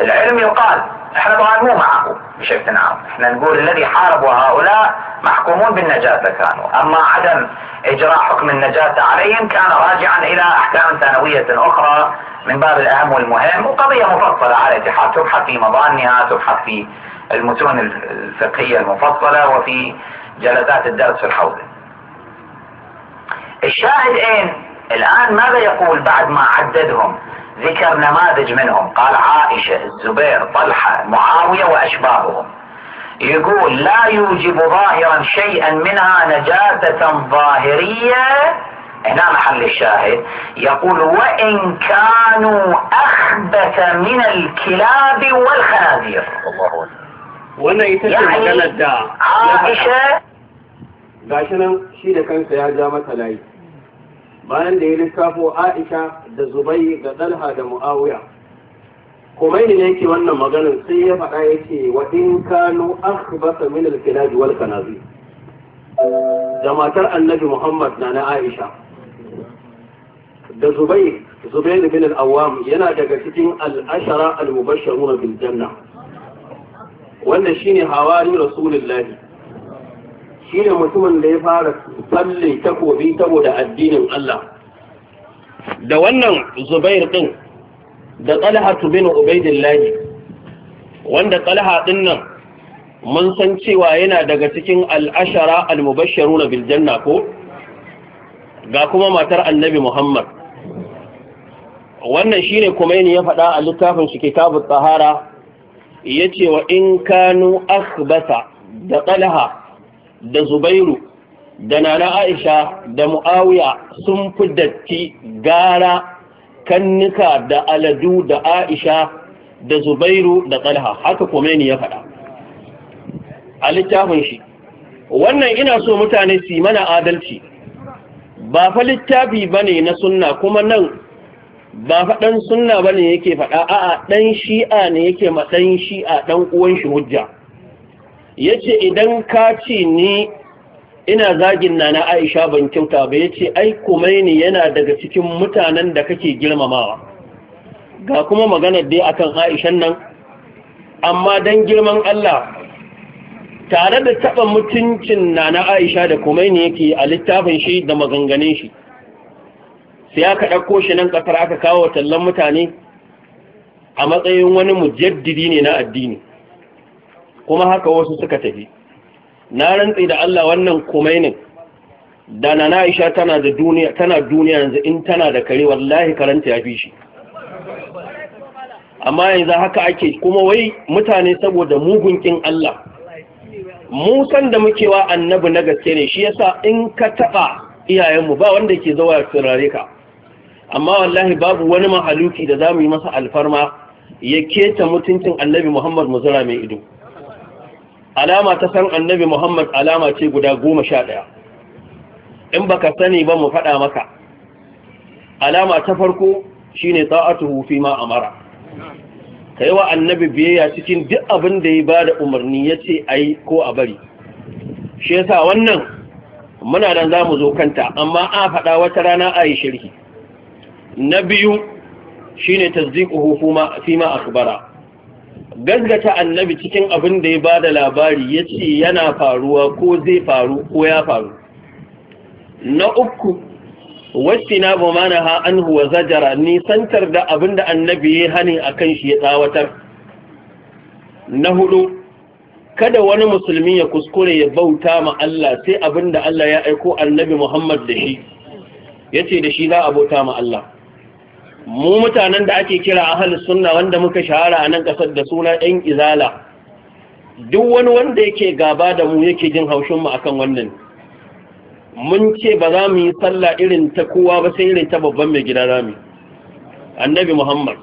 العلم يقال احنا طبعا مو معه بشكل عام نعم. احنا نقول الذي حاربوا هؤلاء محكومون بالنجاة كانوا اما عدم اجراء حكم النجاة عليهم كان راجعا الى احكام ثانوية اخرى من باب الاهم والمهم وقضية مفصلة على اتحاد تبحث في مظانها تبحث في المتون الفقهية المفصلة وفي جلسات الدرس في الحوزة الشاهد اين
الان ماذا يقول بعد ما
عددهم ذكر نماذج منهم قال عائشة الزبير طلحة معاوية وأشباههم يقول لا يوجب ظاهرا شيئا منها نجاسة ظاهرية هنا محل الشاهد يقول وإن كانوا
أخبث من الكلاب والخنازير الله يعني عائشة عائشة شيء كان سيادة مثلا bayan da ya lissafo aisha da zubai ga dalha da mu'awiya kuma ne yake wannan maganin sai ya faɗa ya ce wa in kanu akhbasa min al kanazi da matar annabi muhammad na na aisha da zubai zubair bin al yana daga cikin alashara ashara al-mubashsharun bil janna wannan shine hawari rasulullahi shi ne mutumin da ya fara tsalle takobi saboda addinin Allah da wannan zubair ɗin da talha bin ubaidillahi wanda talha ɗin nan mun san cewa yana daga cikin al'ashara al-mubashsharu na biljanna ko ga kuma matar annabi muhammad wannan shine kuma ya faɗa a littafin shi kitabu tsahara ya ce wa in kanu akhbasa da talha da zubairu da nana aisha da mu'awiya sun fi datti gara kannuka da aladu da aisha da zubairu da talha haka komeni ya faɗa a littafin shi wannan ina so mutane su mana adalci ba fa littafi bane na sunna kuma nan ba faɗan sunna bane yake faɗa a'a ɗan shi'a ne yake ma ɗan shi'a ɗan uwan shi hujja Ya ce, idan ka ce ni ina zagin nana Aisha ban kyauta ba ce ai Kumaini yana daga cikin mutanen da kake girmamawa ga kuma maganar dai akan Aishan nan amma don girman Allah tare da taba mutuncin nana Aisha da Kumaini yake a littafin shi da maganganun shi sai aka ɗauko shi nan ƙasar aka kawo tallan mutane a matsayin wani mujaddidi ne na addini kuma haka wasu suka tafi na rantsi da Allah wannan kumainin da na Aisha tana da duniya tana duniya yanzu in tana da kare wallahi karanta ya fi shi amma yanzu haka ake kuma wai mutane saboda mugun kin Allah mu san da muke wa annabi na gaske ne shi yasa in ka taba iyayenmu ba wanda ke zuwa turare ka amma wallahi babu wani mahaluki da zamu yi masa alfarma ya keta mutuncin annabi Muhammad Muzira mai ido alama ta san annabi muhammad alama ce guda goma sha ɗaya in ba ka sani ba mu faɗa maka alama ta farko shi shine ta'atuhu hufi ma amara kai wa annabi biyayya cikin duk abin da ya ba da umarni ya ce a yi ko a bari shi sa wannan muna don za mu zo kanta amma a faɗa wata rana yi shirki na biyu shine tasdiquhu fi ma gaggata annabi cikin abin da ya ba da labari ya ce yana faruwa ko zai faru ko ya faru na uku wasu na ba mana ha an huwa zajara nisantar da abin da annabi ya hani a kan shi ya tsawatar na hudu kada wani musulmi ya kuskure ya bauta ma Allah sai abin da Allah ya aiko annabi Muhammad da shi ya ce da shi za a bauta ma Allah mu mutanen da ake kira ahlus sunna wanda muka shahara a nan kasar da suna ɗan izala duk wani wanda yake gaba da mu yake jin haushin mu akan wannan mun ce ba za mu yi sallah irin ta kowa ba sai irin ta babban mai gida rami annabi muhammad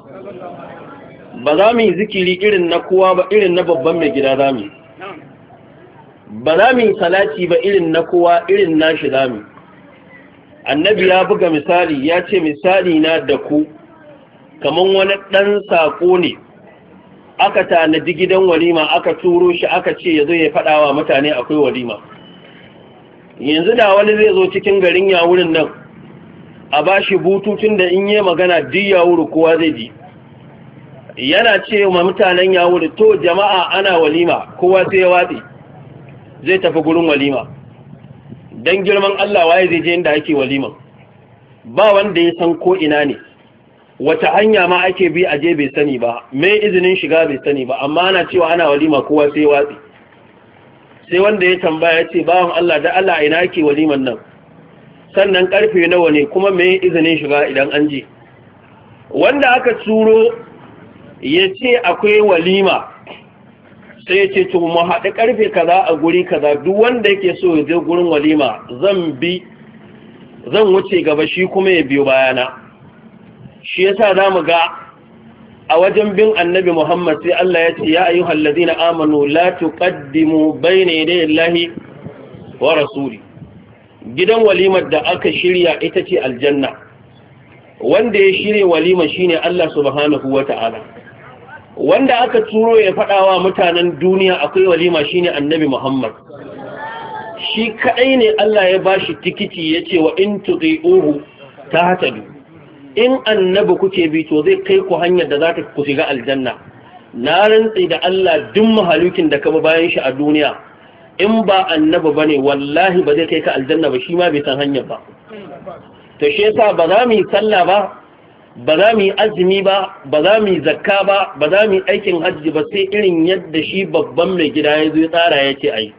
ba za mu yi zikiri irin na kowa ba irin na babban mai gida rami ba za mu yi salati ba irin na kowa irin nashi rami annabi ya buga misali ya ce misali na da ku kamar wani ɗan saƙo ne aka tanadi gidan walima aka turo shi aka ce ya zo ya faɗa wa mutane akwai walima yanzu da wani zai zo cikin garin yawurin nan a ba shi bututun da in yi magana duk yawuru kowa zai ji yana ce ma mutanen yawuri to jama'a ana walima kowa sai ya watsi zai tafi gurin walima dan girman Allah waye zai je inda ake walima ba wanda ya san ko ina ne wata hanya ma ake bi a je bai sani ba me izinin shiga bai sani ba amma ana cewa ana walima kowa sai watsi sai wanda ya tambaya ya ce bawan Allah da Allah ina ake waliman nan sannan karfe nawa ne kuma me izinin shiga idan an je wanda aka turo ya ce akwai walima sai ya ce to mu haɗu karfe kaza a guri kaza duk wanda yake so ya je gurin walima zan bi zan wuce gaba shi kuma ya biyo bayana shi yasa za mu ga a wajen bin annabi Muhammad sai Allah ya ce ya ayyuhal ladina amanu la tuqaddimu bayna yaday Allahi wa rasuli gidan walimar da aka shirya ita ce aljanna wanda ya shirya walima shine Allah subhanahu wata'ala wanda aka turo ya faɗawa mutanen duniya akwai walima shine annabi Muhammad shi kadai ne Allah ya bashi tikiti ya ce wa in ta hatadu in annabi kuke bi to zai kai ku hanyar da zata ku shiga aljanna na rantsi da Allah duk mahalukin da kaba bayan shi a duniya in ba annabi bane wallahi ba zai kai ka aljanna ba shi ma bai san hanyar ba to shi yasa ba za mu yi sallah ba ba za mu yi azumi ba ba za mu yi zakka ba ba za mu yi aikin hajji ba sai irin yadda shi babban mai gida ya zo ya tsara ya ce ai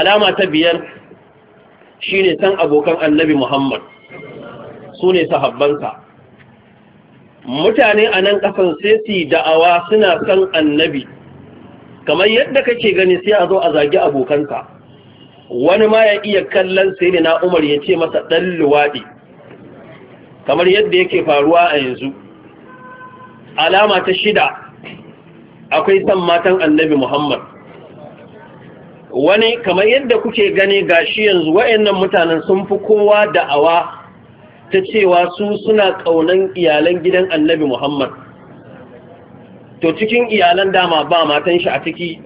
alama ta biyar shi ne san abokan annabi muhammad su ne sahabbansa mutane a nan ƙasan sai su da'awa suna san annabi kamar yadda kake gani sai a zo a zagi abokanka wani ma ya iya kallon sai ne na umar ya ce masa ɗan luwaɗi kamar yadda yake faruwa a yanzu alama ta shida akwai san matan annabi muhammad wani kamar yadda kuke gani ga shi yanzu wa'annan mutanen sun fi kowa da'awa ta cewa su suna ƙaunan iyalan gidan annabi muhammad to cikin iyalan dama ba matan shi a ciki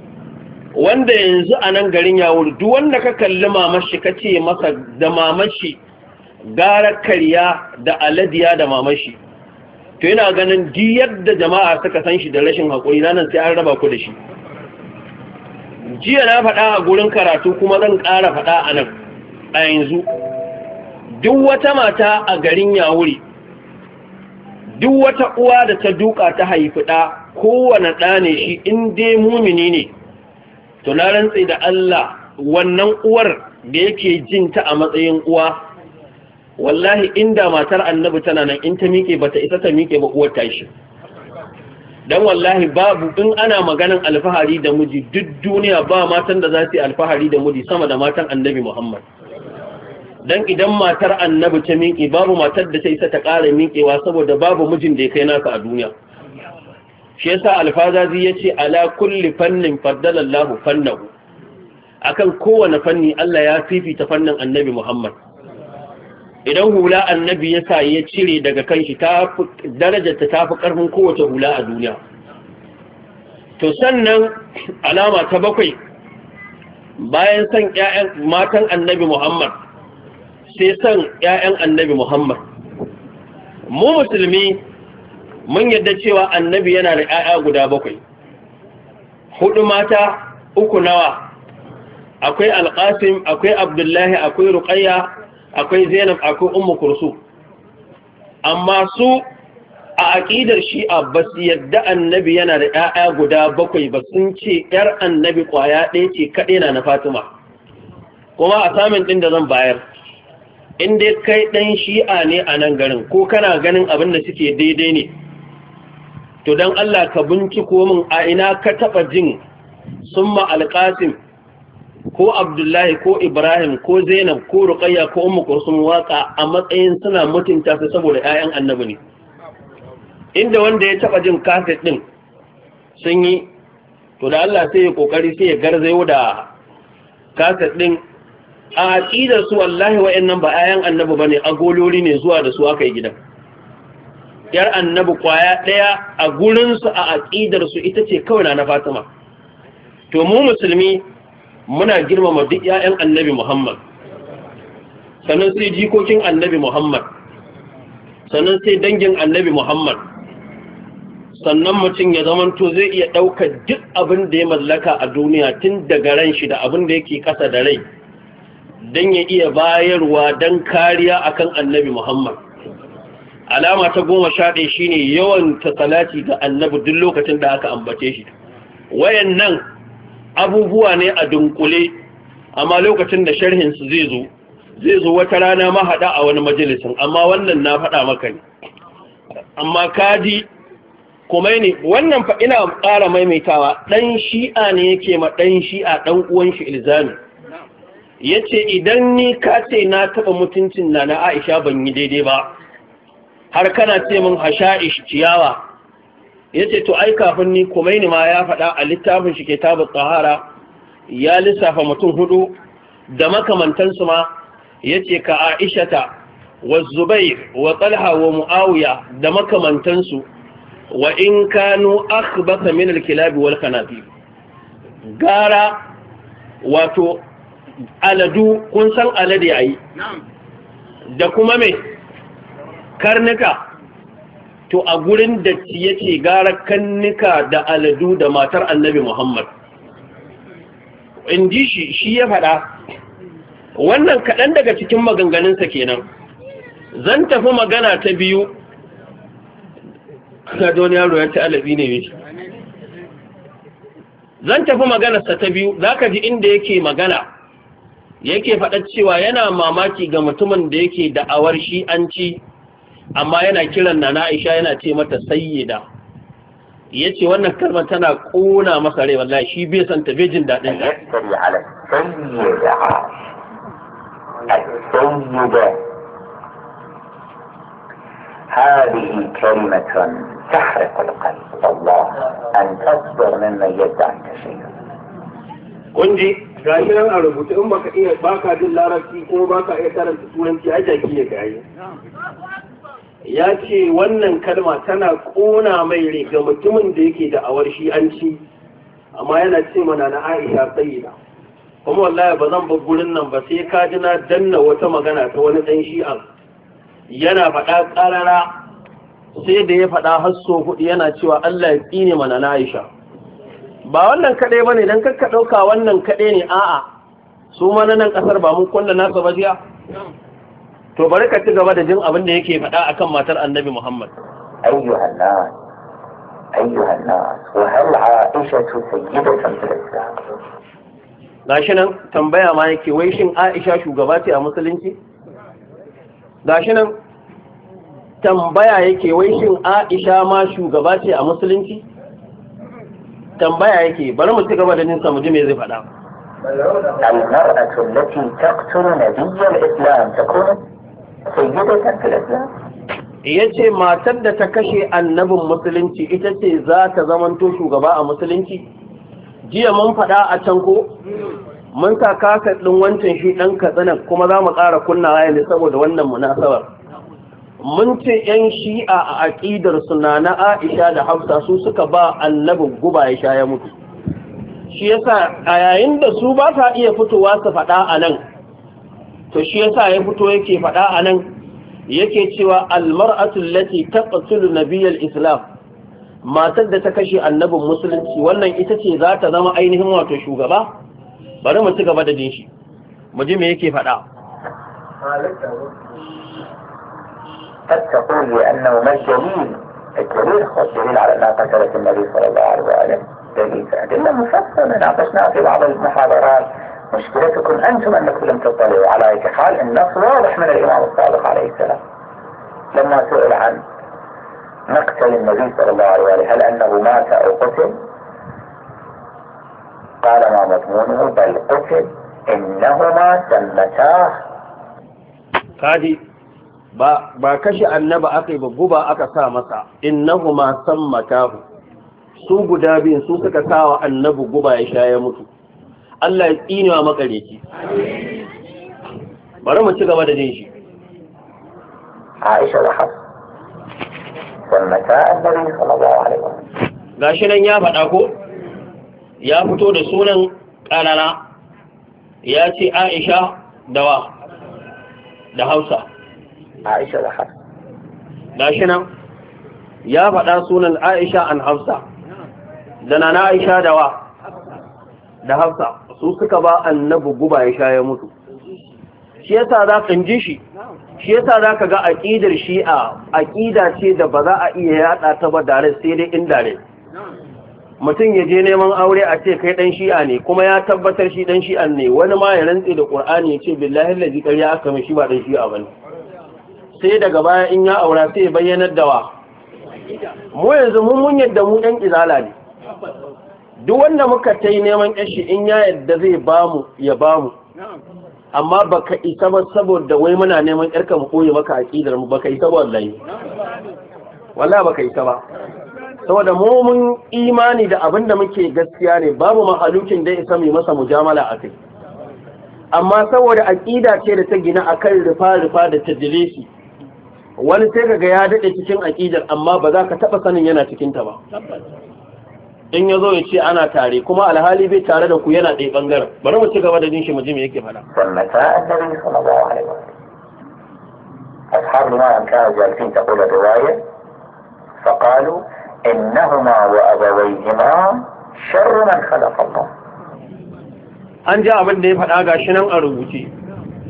wanda yanzu a nan garin yawon duk wanda ka kalli mamashi ka ce masa da mamashi gara kariya da aladiya da mamashi to yana ganin di yadda jama'a suka san shi da rashin haƙuri na nan sai an raba ku da shi jiya na faɗa a gurin karatu kuma zan ƙara faɗa a nan a yanzu duk wata mata a garin yawuri duk wata uwa da ta duka ta haifi ɗa kowane ɗa ne shi in dai mumini ne to na rantse da Allah wannan uwar da yake jinta a matsayin uwa wallahi inda matar annabi tana nan in ta miƙe ba ta isa ta miƙe ba uwar tashi dan wallahi babu in ana maganan alfahari da miji duk duniya ba matan da za su yi alfahari da miji sama da matan annabi Muhammad dan idan matar annabi ta miƙe babu matar da ta isa ta ƙara miƙewa saboda babu mijin da ya kai nasa a duniya shi yasa alfazazi ce ala kulli fannin faddala fannahu akan kowane fanni Allah ya fifita fannin annabi Muhammad idan hula annabi ya sa ya cire daga kanshi darajarta ta fi ƙarfin kowace hula a duniya to sannan alama ta bakwai bayan son ƴaƴan matan annabi Muhammad sai son yayan annabi Muhammad mu musulmi mun yadda cewa annabi yana da 'ya'ya guda bakwai hudu mata uku nawa akwai Alƙasim? akwai abdullahi akwai ruƙayya akwai zainab akwai ummu kursu amma su a aƙidar shi'a ba su yadda annabi yana da 'ya'ya guda bakwai ba sun ce 'yar annabi ƙwaya ɗaya ce kaɗai na na fatima kuma a samun ɗin da zan bayar in dai kai ɗan shi'a ne a nan garin ko kana ganin abin da suke daidai ne to don allah ka binciko min a ina ka taɓa jin summa alƙasim ko abdullahi ko ibrahim ko zainab ko ruqayya ko ummu kursum waka a matsayin suna mutunta su saboda 'ya'yan annabi ne inda wanda ya taba jin kaset din sun yi to da Allah sai ya kokari sai ya garzayo da kaset din a aqidar su wallahi wayannan ba ayan annabi bane gololi ne zuwa da su aka yi gidan yar annabi kwaya daya a gurin su a aqidar su ita ce kawai na Fatima to mu musulmi muna girmama duk ‘ya'yan annabi Muhammad, sannan sai jikokin annabi Muhammad, sannan sai dangin annabi Muhammad, sannan mutum ya zamanto zai iya ɗaukar duk abin da ya mallaka a duniya tun daga ran shi da abin da yake ƙasa da rai, don ya iya bayarwa don kariya akan annabi Muhammad. Alama ta goma sha shi shine yawan ta salati ga annabi duk lokacin da aka ambace shi. Wayan nan abubuwa ne a dunkule amma lokacin da sharhinsu zai zo zai zo wata rana mahaɗa a wani majalisin amma wannan na faɗa maka ne amma kadi kuma ne wannan fa ina ƙara maimaitawa ɗan shi'a ne yake ma ɗan shi'a ɗan uwan shi ilzami ya ce idan ni ka ce na taɓa mutuncin Nana aisha ban yi daidai ba har kana ce min hasha'ish ciyawa Ya ce to ai kafin ni ni ma ya faɗa a littafin shi tabar tsahara ya lissafa mutum hudu da makamantansu ma ya ce ka Aishata wa zubai wa Talha wa Muawiya da makamantansu wa in kanu akhbata min alkilabi wal gara wato aladu kun san alade ayi da kuma me karnuka to a gurin da ya ce gara kannika da aladu da matar annabi muhammad in ji shi shi ya faɗa wannan kaɗan daga cikin maganganunsa kenan zan tafi magana ta biyu ka don yaro alabi ne mai zan tafi maganarsa ta biyu za ka ji inda yake magana yake faɗa cewa yana mamaki ga mutumin da yake da'awar ci. amma yana kiran na Aisha yana ce mata sayyida yace wannan kalmar tana kona masa rai wallahi shi bai san ta bai jin dadin ta
sayyida
هذه كلمة تحرق
القلب والله
أن تصدر yadda an شيئا
kunji gashi nan a rubuta in baka iya baka jin larabci ko baka iya karanta turanci a jaki ne gaye. ya ce wannan kalma tana kona mai riga mutumin da yake da awar shi an ci amma yana ce mana na aisha da. kuma wallahi ba zan bar gurin nan ba sai ka ji na danna wata magana ta wani dan shi'an yana faɗa ƙarara sai da ya faɗa hasso hudu yana cewa Allah ya tsine mana na aisha ba wannan kaɗai ba ne don kakka ɗauka wannan kaɗai ne a'a su ma nan ƙasar ba mun kunna nasa ba jiya to bari ka ci gaba da jin abin da yake faɗa akan matar annabi Muhammad أيها الناس
أيها الناس وهل عائشة سيدة في الإسلام
gashi nan tambaya ma yake wai shin Aisha shugaba ce a musulunci gashi nan tambaya yake wai shin Aisha ma shugaba ce a musulunci tambaya yake bari mu ci gaba da jin mu ji me zai faɗa
المرأة
التي تقتل نبي الإسلام تكون ya ce matar da ta kashe annabin musulunci ita ce za ta zamanto shugaba a musulunci jiya mun faɗa a can ko mun sa kasa ɗin wancan shi ɗan Katsina kuma za mu ƙara kunna ne saboda wannan munasabar mun ce 'yan shi'a a aƙidar suna na aisha da Hausa su suka ba annabin guba ya sha ya mutu shi yasa a yayin da su ba sa iya fitowa su faɗa a nan to shi yasa ya fito yake faɗa a nan yake cewa almar'atul lati taqtulu nabiyal islam matar da ta kashe annabin musulunci wannan ita ce za ta zama ainihin wato shugaba bari mu ci gaba da jin shi mu ji me yake faɗa
قد تقول لأنه ما الدليل الدليل الدليل
على أنها قتلت النبي صلى الله عليه وسلم دليل أدلة مفصلة ناقشناها في بعض المحاضرات مشكلتكم أنتم أنكم لم تطلعوا على أي حال النص واضح من الإمام الصادق عليه السلام لما سئل عن مقتل النبي صلى الله عليه وآله هل أنه مات أو قتل قال ما مضمونه بل قتل إنهما سمتاه
هذه ba ba kashe annaba aka yi ba guba aka sa masa سو sammatahu su guda biyun su suka sawa annabi guba ya sha ya mutu Allah ya tsini wa makareci bari mu ci gaba da jin shi Aisha da gashi nan ya faɗa ko ya fito da sunan ƙarara ya ce Aisha dawa da Hausa Aisha da Hafs gashi nan ya faɗa sunan Aisha an Hausa da na Aisha dawa da Hausa. su suka ba annabi guba ya sha ya mutu shi yasa za ka ji shi shi yasa za ka ga aƙidar shi'a aƙida ce da ba za a iya yaɗa ta ba dare sai dai in dare mutum ya je neman aure a ce kai ɗan shi'a ne kuma ya tabbatar shi dan shi'an ne wani ma ya rantse da ƙur'ani ya ce billahi lazi ƙarya aka mai shi ba ɗan shi'a bane sai daga baya in ya aura sai ya bayyanar da mu yanzu mun mun yadda mu ɗan izala ne duk wanda muka ta yi neman ƙashi in ya yadda zai bamu ya bamu amma ba ka isa ba saboda wai muna neman yarka mu koyi maka aƙidar mu ba ka isa wallahi wallahi ka isa ba saboda mu mun imani da abin da muke gaskiya ne babu mahalukin da isa mai masa mujamala a kai amma saboda aƙida ce da ta gina akan rufa rufa da ta shi wani sai kaga ya dade cikin aƙidar, amma ba za ka taba sanin yana cikin ta ba in ya zo ya ce ana tare kuma alhali bai tare da ku yana ɗaya ɓangaren bari mu ci gaba da jin shi mu ji me yake faɗa. أصحاب الإمام كانوا جالسين تقول الرواية فقالوا إنهما وأبويهما شر من خلق الله an ji abin da ya faɗa ga shi nan a rubuce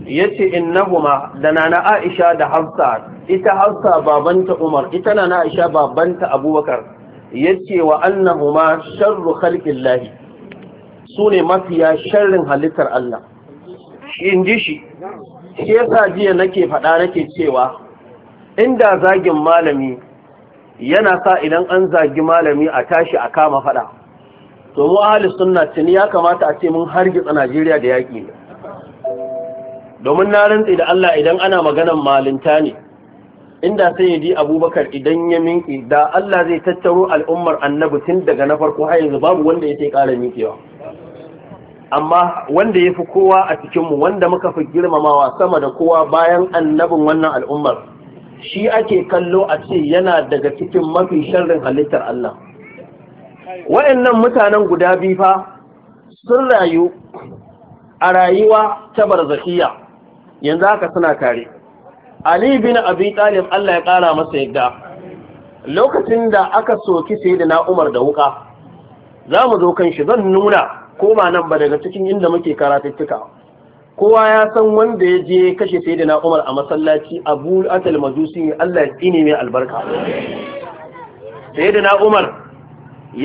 ya ce innahuma da nana aisha da hafsa ita hafsa babanta umar ita nana aisha babanta abubakar yace wa annahuma sharru khalqillahi sune mafiya sharrin halittar Allah in ji shi shi yasa jiya nake faɗa nake cewa inda zagin malami yana sa idan an zagi malami a tashi a kama faɗa to mu ahli sunna tuni ya kamata a ce mun hargitsa Najeriya da yaƙi domin na rantsi da Allah idan ana maganan malinta ne inda sai ya ji abubakar idan ya minki da Allah zai tattaro al'ummar annabi tun daga na farko har yanzu babu wanda ya sai ƙara minkewa amma wanda ya fi kowa a cikinmu wanda muka fi girmamawa sama da kowa bayan annabin wannan al'ummar shi ake kallo a ce yana daga cikin mafi sharrin halittar Allah wa'annan mutanen guda biyu fa sun rayu a rayuwa ta barzakiya yanzu haka suna tare Ali bin Abi Talib Allah ya ƙara masa yadda lokacin da aka soki sai da na Umar da wuka za mu zo kan shi zan nuna koma nan ba daga cikin inda muke karatuttuka kowa ya san wanda ya je kashe sai da na Umar a masallaci Abu Atal Majusi Allah ya tsine mai albarka sai da na Umar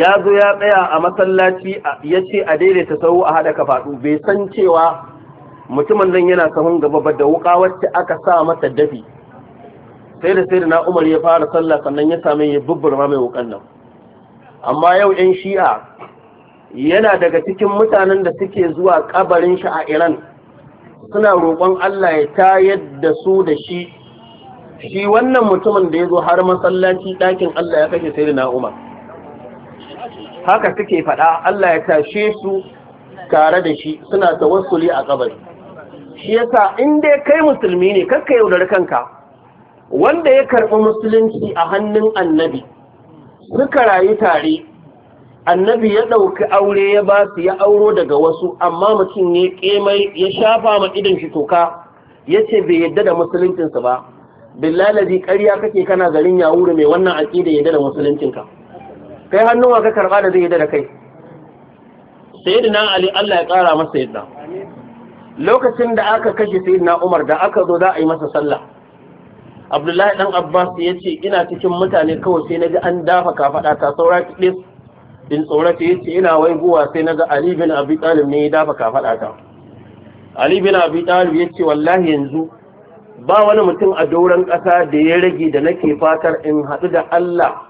ya zo ya tsaya a masallaci ya ce a daidaita sau a haɗa kafaɗu bai san cewa mutumin nan yana sahun gaba ba da wuka wacce aka sa masa dafi sai da sai da na umar ya fara sallah sannan ya sami ya bubburma mai wukan nan amma yau yan shi'a yana daga cikin mutanen da suke zuwa kabarin shi a iran suna roƙon allah ya tayar da su da shi shi wannan mutumin da ya zo har masallaci ɗakin allah ya kashe sai da na umar haka suke faɗa allah ya tashe su tare da shi suna tawassuli a kabari shi yasa in dai kai musulmi ne karka yaudar kanka wanda ya karɓi musulunci a hannun annabi suka rayu tare annabi ya ɗauki aure ya ba su ya auro daga wasu amma mutum ne ƙemai ya shafa ma idan shi toka ya ce bai yadda da musuluncinsa ba billalazi ƙarya kake kana garin wuri mai wannan aƙida yadda da musuluncinka kai hannuwa ka karɓa da zai yadda da kai sayyidina ali Allah ya ƙara masa yadda lokacin da aka kashe sayyidina Umar da aka zo za a yi masa sallah Abdullahi dan Abbas ya ce ina cikin mutane kawai sai naji an dafa kafada ta saura kidis din tsorata ya ce ina waigowa sai naga Ali bin Abi Talib ne ya dafa kafada ta Ali bin Abi Talib ya ce wallahi yanzu ba wani mutum a doron kasa da ya rage da nake fatar in haɗu da Allah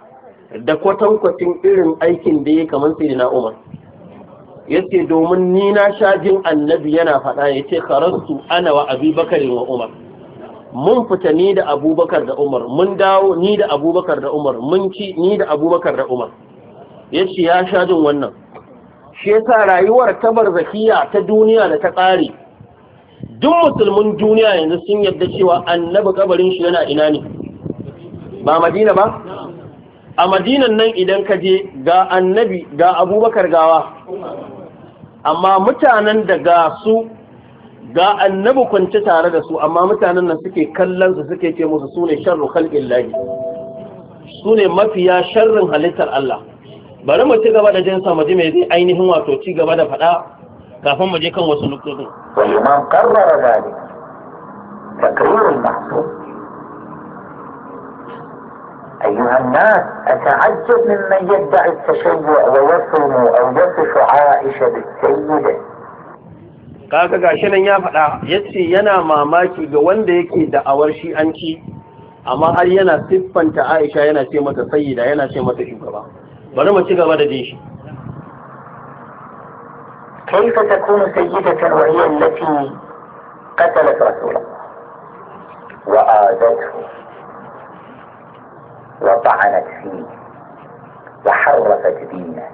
da kwatankwacin irin aikin da ya kamar sai na Umar yace domin ni na sha annabi yana faɗa yace karastu ana wa abubakar wa umar mun fita ni da abubakar da umar mun dawo ni da abubakar da umar mun ci ni da abubakar da umar Ya ce ya sha jin wannan shi yasa rayuwar ta barzakiya ta duniya da ta ƙare duk musulmin duniya yanzu sun yarda cewa annabi kabarin shi yana ina ne ba madina ba a madinan nan idan ka je ga annabi ga abubakar gawa amma mutanen da ga su ga annabi kwance tare da su amma mutanen nan suke kallon su suke ce musu sune sharru khalqin lahi sune mafiya sharrin halittar Allah bari mu ci gaba da jin sa maji mai ainihin wato ci gaba da faɗa kafin mu je kan wasu nukudu wa imam
karrara zalik takrarul masu.
أيها الناس أتعجب ممن يدعي التشيع ويصم أو يصف عائشة بالسيدة
kaga gashi nan ya faɗa yace yana mamaki ga wanda yake da'awar shi an ci amma har yana siffanta Aisha yana ce mata sayyida yana ce mata shugaba bari mu ci gaba da jin shi
takunu تكون سيدة وهي allati qatalat rasulahu Wa adatuhu وطعنت فيه وحرفت دينه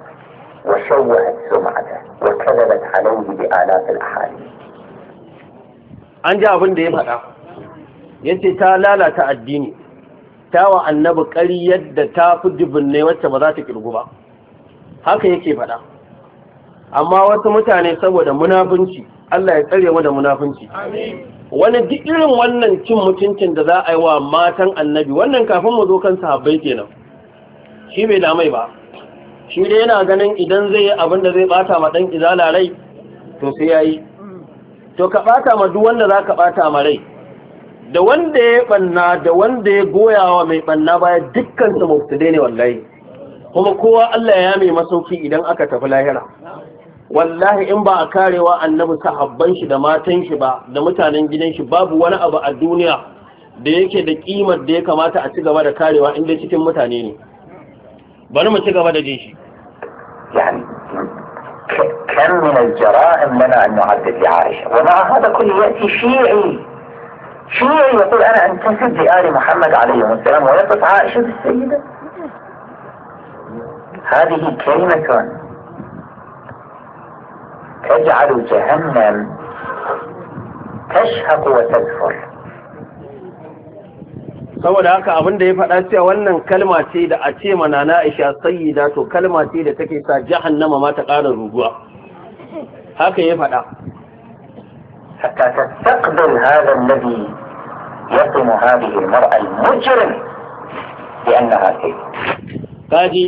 وشوهت سمعته وكذبت عليه
بآلاف الأحاديث an ji abin da ya faɗa ya ce ta lalata addini ta wa annabi ƙari yadda ta fi dubinne wacce ba za ta ƙirgu ba haka yake faɗa amma wasu mutane saboda munafunci Allah ya tsare mu da munafunci wani duk irin wannan cin mutuncin da za a yi wa matan annabi wannan kafin mu zo kan sahabbai kenan shi bai da damai ba shi dai yana ganin idan zai yi abin da zai bata ma dan izala rai to sai yayi to ka bata ma duk wanda za ka bata ma rai da wanda ya banna da wanda ya goya wa mai banna baya dukkan su muftudai ne wallahi kuma kowa Allah ya mai masauki idan aka tafi lahira wallahi in ba a karewa annabi sahabban shi da matan shi ba da mutanen gidan shi babu wani abu a duniya da yake da kimar da ya kamata a ci gaba da karewa inda cikin mutane ne bari mu ci gaba da jin shi
كم من الجرائم لنا أن نعدد لعائشة ومع هذا كله يأتي شيعي شيعي يقول أنا أنتسب لآل محمد عليه السلام ويصف عائشة السيدة هذه كلمة تجعل
جهنم
تشهق وتذفر
saboda haka abin da ya faɗa cewa wannan kalma ce da a ce mana na aisha sayyida to kalma ce da take sa jahannama ma ta ƙara ruguwa haka ya faɗa
hatta tastaqbil hadha alladhi yaqum hadhihi almar'a
almujrim
bi annaha sayyid
kaji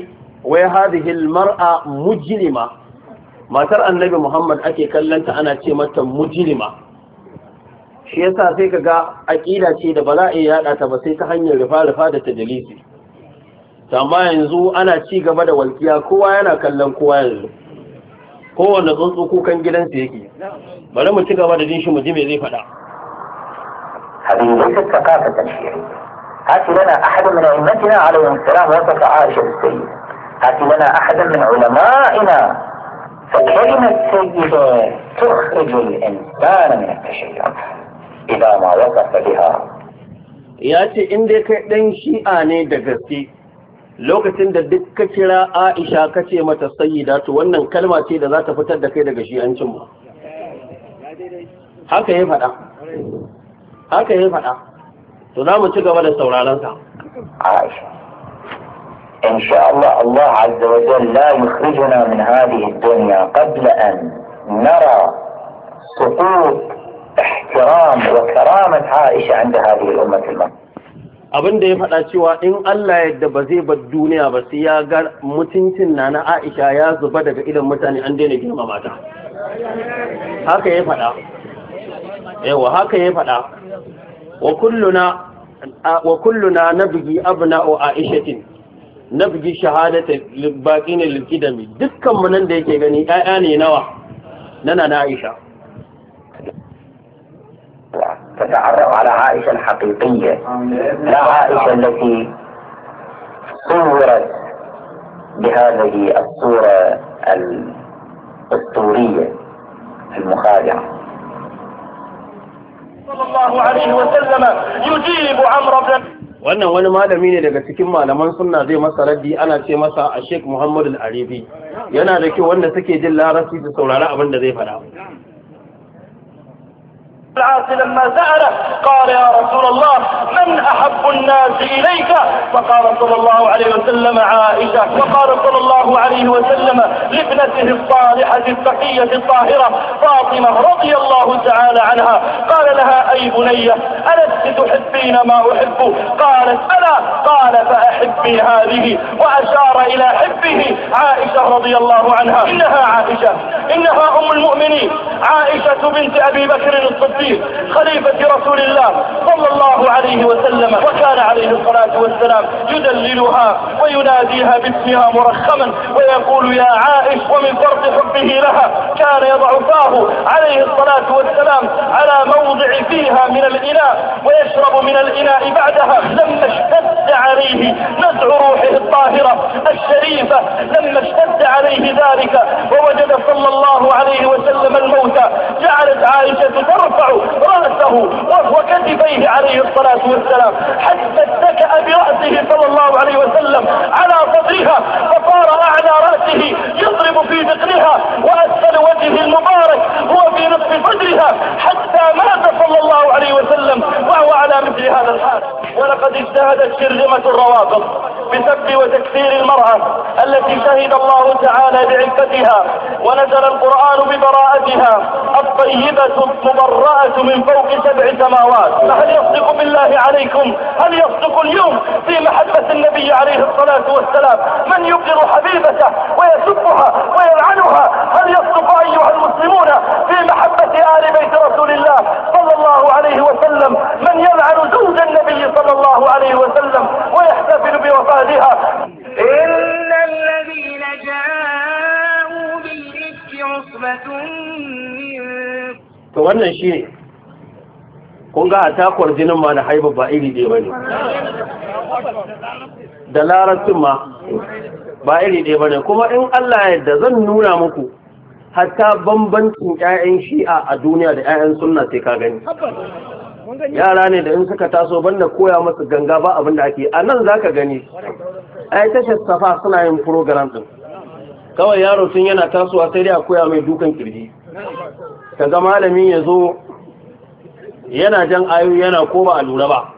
wai hadhihi almar'a mujrima matar annabi muhammad ake kallanta ana ce mata mujrima shi yasa sai ka ga aƙida ce da ba za a ta ba sai ta hanyar rufa-rufa da ta dalisi amma yanzu ana ci gaba da walƙiya kowa yana kallon kowa yanzu kowane tsuntsu kukan gidansa yake bari mu ci gaba da jin shi mu ji me zai faɗa
حديث الثقافة
التنشيرية هات لنا أحدا من أئمتنا عليهم السلام وصف عائشة السيدة هات لنا أحدا من علمائنا فكلمة السيدة تخرج الإنسان من التشيع إذا ما وصف بها
ya ce in dai kai ɗan shi'a ne da gaske lokacin da duk ka kira aisha ka ce mata sayyida to wannan kalma ce da za ta fitar da kai daga shi'ancin cimma. haka ya faɗa haka ya faɗa to za mu ci gaba da sauraron sa
aisha
ان شاء الله الله عز وجل لا يخرجنا من هذه الدنيا قبل ان نرى سقوط احترام وكرامة عائشة عند هذه الأمة
المصرية abin da ya faɗa cewa in Allah yadda ba zai bar duniya ba sai ya ga mutuncin na na Aisha ya zuba daga idan mutane an daina girmama ta haka ya faɗa
yawa haka ya
faɗa wa kulluna wa kulluna nabgi abna'u aishatin nabgi shahadata baqina lil kidami dukkan mu nan da yake gani ƴaƴa ne nawa nana na Aisha
تتعرف على عائشة الحقيقية لا عائشة التي صورت بهذه الصورة الأسطورية
المخادعة
صلى الله عليه وسلم يجيب عمرو بن
wannan wani malami ne daga cikin malaman sunna zai masa raddi ana ce masa a sheik muhammadu al yana da kyau wanda suke jin larasi su saurari abin da zai faɗa
العاص لما سأله قال يا رسول الله من أحب الناس إليك فقال صلى الله عليه وسلم عائشة وقال صلى الله عليه وسلم لابنته الصالحة الفقية الطاهرة فاطمة رضي الله تعالى عنها قال لها أي بنية ألست تحبين ما أحب قالت ألا قال فأحبي هذه وأشار إلى حبه عائشة رضي الله عنها إنها عائشة إنها أم المؤمنين عائشة بنت أبي بكر الصديق الشريف خليفة رسول الله صلى الله عليه وسلم وكان عليه الصلاة والسلام يدللها ويناديها باسمها مرخما ويقول يا عائش ومن فرط حبه لها كان يضع فاه عليه الصلاة والسلام على موضع فيها من الإناء ويشرب من الإناء بعدها لما اشتد عليه نزع روحه الطاهرة الشريفة لما اشتد عليه ذلك ووجد صلى الله عليه وسلم الموتى جعلت عائشة ترفع رأسه وكتفيه عليه الصلاة والسلام حتى اتكأ برأسه صلى الله عليه وسلم على صدرها فصار أعلى رأسه يضرب في ذقنها وأسفل وجهه المبارك هو في نصف صدرها حتى مات صلى الله عليه وسلم وهو على مثل هذا الحال ولقد اجتهدت شرمة الروابط بسب وتكفير المرأة التي شهد الله تعالى بعفتها ونزل القرآن ببراءتها الطيبة المبرأة السماوات من فوق سبع سماوات فهل يصدق بالله عليكم هل يصدق اليوم في محبة النبي عليه الصلاة والسلام من يبغض حبيبته ويسبها ويلعنها هل يصدق أيها المسلمون في محبة آل بيت رسول الله صلى الله عليه وسلم من يلعن زوج النبي صلى الله عليه وسلم ويحتفل بوفادها إن الذين جاءوا بالإفك عصبة
to wannan shi ne kun ga a takwar jinin ma da haiba ba iri ɗaya ba ne. da larabcin ma ba iri ɗaya ba ne kuma in Allah yadda zan nuna muku hatta bambancin 'ya'yan shi'a a duniya da 'ya'yan sunna sai ka gani
yara ne da in
suka taso banda koya masu ganga ba abin da ake a nan za ka gani ai tashar safa suna yin program ɗin. kawai yaro sun yana tasowa sai dai a koya mai dukan kirji kaga malamin ya zo yana jan ayoyi yana ko ba a lura ba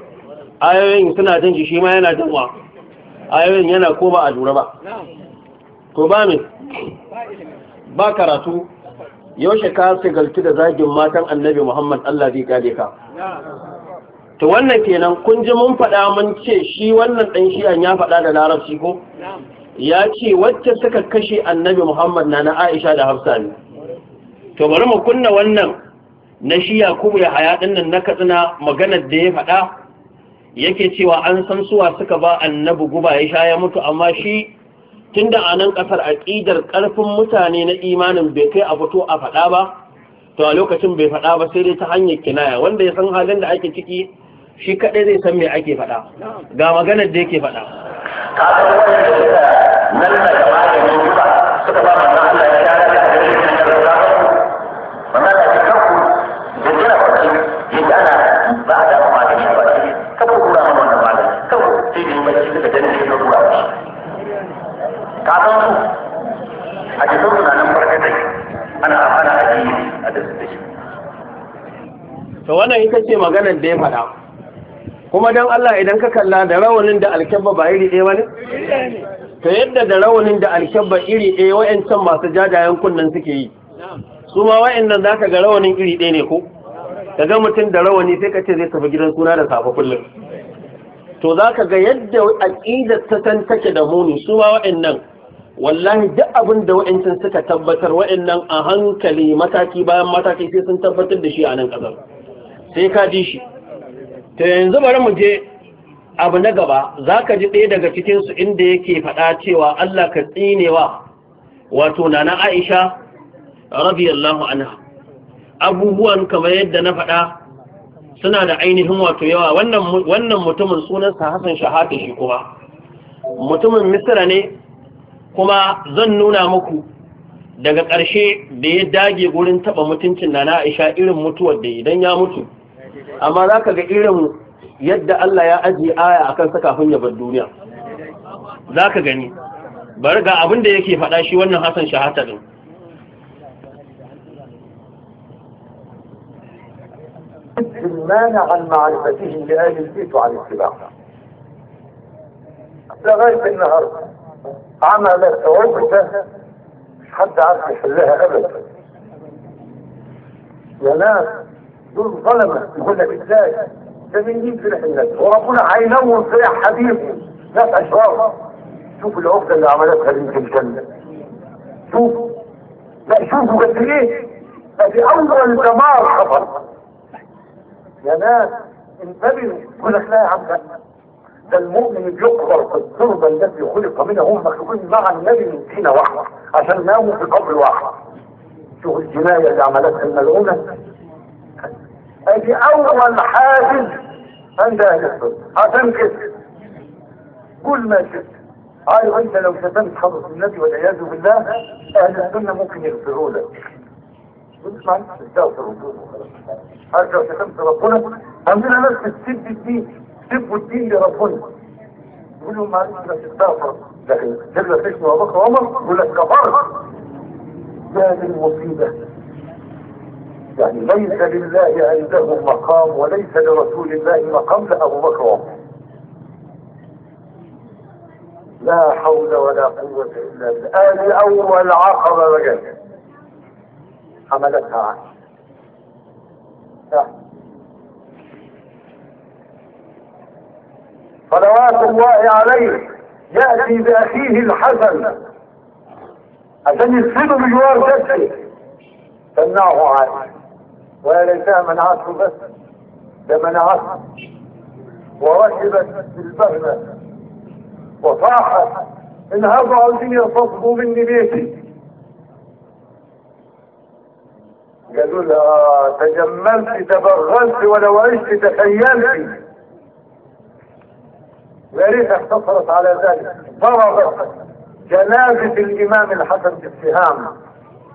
ayoyin suna jan shi ma yana jan ayoyin yana ko ba a lura ba to ba min ba karatu yaushe ka sigalci da zagin matan annabi muhammad allah zai gade ka to wannan kenan kun ji mun faɗa mun ce shi wannan ɗan shi'an ya faɗa da larabci ko ya ce wacce suka kashe annabi muhammad na na aisha da hafsa ne to bari mu kunna wannan na shi yakubu ya haya dinnan na katsina maganar da ya faɗa yake cewa an san suwa suka ba annabi guba ya sha ya mutu amma shi tunda a nan ƙasar aƙidar ƙarfin mutane na imanin bai kai a fito a faɗa ba to a lokacin bai faɗa ba sai dai ta hanyar kinaya wanda ya san halin da ake ciki shi kaɗai zai san me ake faɗa ga maganar da yake faɗa maganar da ya faɗa kuma don Allah idan ka kalla da rawanin da alkyabba ba iri ɗaya wani? ta yadda da rawanin da alkyabba iri ɗaya wa'yancan masu jajayen kunnen suke yi su ma nan za ka ga rawanin iri ɗaya ne ko ka ga mutum da rawani sai ka ce zai tafi gidan suna da safe kullum to za ka ga yadda aƙidar ta san take da muni su ma nan? wallahi duk abin da wa'yancan suka tabbatar wa'yannan a hankali mataki bayan mataki sai sun tabbatar da shi a nan ƙasar sai ka ji shi ta yanzu bari mu je abu na gaba za ka ji ɗaya daga cikinsu inda yake faɗa cewa Allah ka tsinewa wato Nana aisha radiyallahu anha abubuwan kamar yadda na faɗa suna da ainihin wato yawa wannan mutumin sunansa hassan shahata shi kuma mutumin misira ne kuma zan nuna muku daga ƙarshe da ya dage gurin taɓa mutuncin Nana aisha irin mutuwar da idan ya mutu amma za ka ga irin yadda Allah ya aji aya akan saka hunya bar duniya za ka gani bari ga abin da yake faɗa shi wannan hasan shahata din
المانع عن معرفته لآل البيت وعن اتباعه لغاية النهاردة عملت عقدة حد عارف يحلها أبدا يا ناس دول ظلمه يقول لك ازاي ده من دين في الحنات وربنا هينور فيها حبيبه ناس اشرار شوف العقده اللي عملتها بنت الجنه شوف لا شوفوا قد ايه ده في اول دمار حصل يا ناس انتبهوا يقول لك لا يا عم ده المؤمن بيكبر في التربه التي خلق منها هم مخلوقين مع النبي من سينا واحده عشان ناموا في قبر واحد شوف الجنايه اللي عملتها الملعونه ادي اول حاجز عند اهل السنه عشان كل ما شئت عارف انت لو شتمت حضرة النبي والعياذ بالله اهل السنه ممكن يغفروا لك بص معلش استغفر ربنا عارف لو شتمت ربنا عندنا ناس بتسب الدين سبوا الدين لربنا يقول لهم معلش لا تستغفر لكن تبقى تشمي بكره عمر وعمر يقول لك كفرت هذه المصيبه يعني ليس لله عنده مقام وليس لرسول الله مقام لأبو بكر وعمر لا حول ولا قوة إلا بالله أول عقبة وجدت حملتها عائشة صلوات الله عليه يأتي بأخيه الحسن عشان يسنده بجوار جده تمنعه عائشة ولا ليسها منعته بس ده منعته ووجبت البغلة وصاحت ان هذا عاوزين يغتصبوا مني بيتي قالوا لها تجملت تبغلت ولو عشت تخيلت وريت اقتصرت على ذلك ضربت جنازة الإمام الحسن بالسهام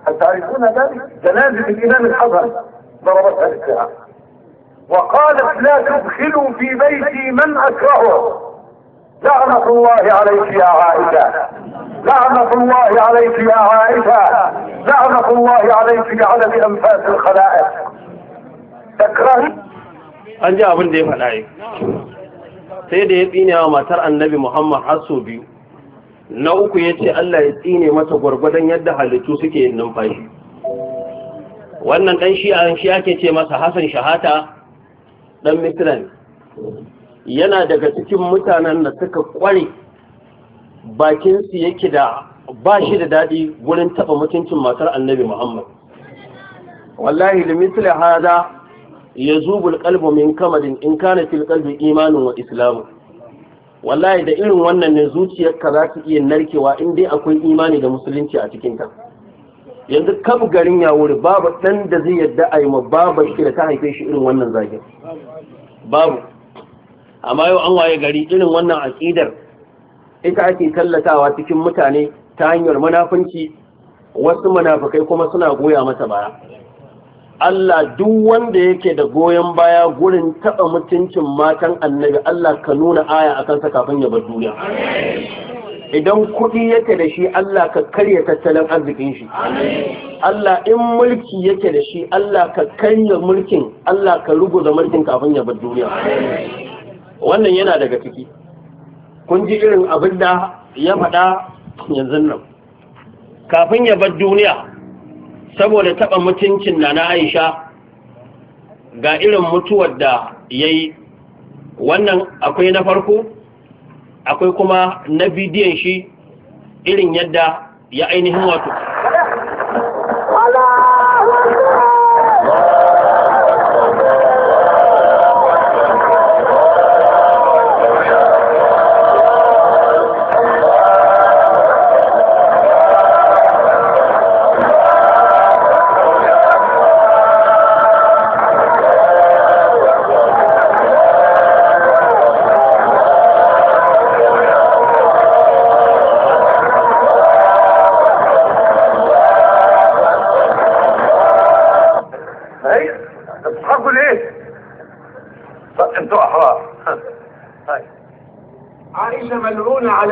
هل تعرفون ذلك؟ جنازة الإمام الحسن ضربتها الساعة وقالت لا تدخلوا في بيتي من اكرهه لعنة الله عليك يا عائشة لعنة الله عليك يا عائشة لعنة الله عليك على انفاس الخلائق
تكره an ji abin da ya faɗa yi sai da ya tsine wa matar annabi muhammad har sau biyu na uku ya ce allah ya tsine mata gwargwadon yadda halittu suke yin numfashi wannan ɗan shi an shi ake ce masa Hassan Shahata ɗan Misra yana daga cikin mutanen da suka ƙware bakinsu yake da ba shi da daɗi wurin taɓa mutuncin matar Annabi Muhammad wallahi limithli hada zubul qalbu min kamadin in kana fil qalbi imanin wa islamu wallahi da irin wannan ne zuciyarka za ta iya narkewa in dai akwai imani da musulunci a cikinta yanzu kam garin ya wuri babu ɗan da zai yadda a yi ma baban shi da ta haife shi irin wannan zagin babu amma yau an waye gari irin wannan aƙidar ita ake tallatawa cikin mutane ta hanyar munafunci wasu munafukai kuma suna goya mata baya Allah duk wanda yake da goyon baya gurin taɓa mutuncin matan annabi Allah ka nuna aya akan sa kafin ya bar duniya idan kuɗi yake da shi Allah ka karya tattalin arzikin shi Allah in mulki yake da shi Allah ka karya mulkin Allah ka ruguza mulkin kafin ya bar duniya wannan yana daga ciki kun ji irin abin da ya faɗa yanzu nan kafin ya bar duniya saboda taɓa mutuncin na na Aisha ga irin mutuwar da ya yi wannan akwai na farko akwai kuma na bidiyon shi irin yadda ya ainihin wato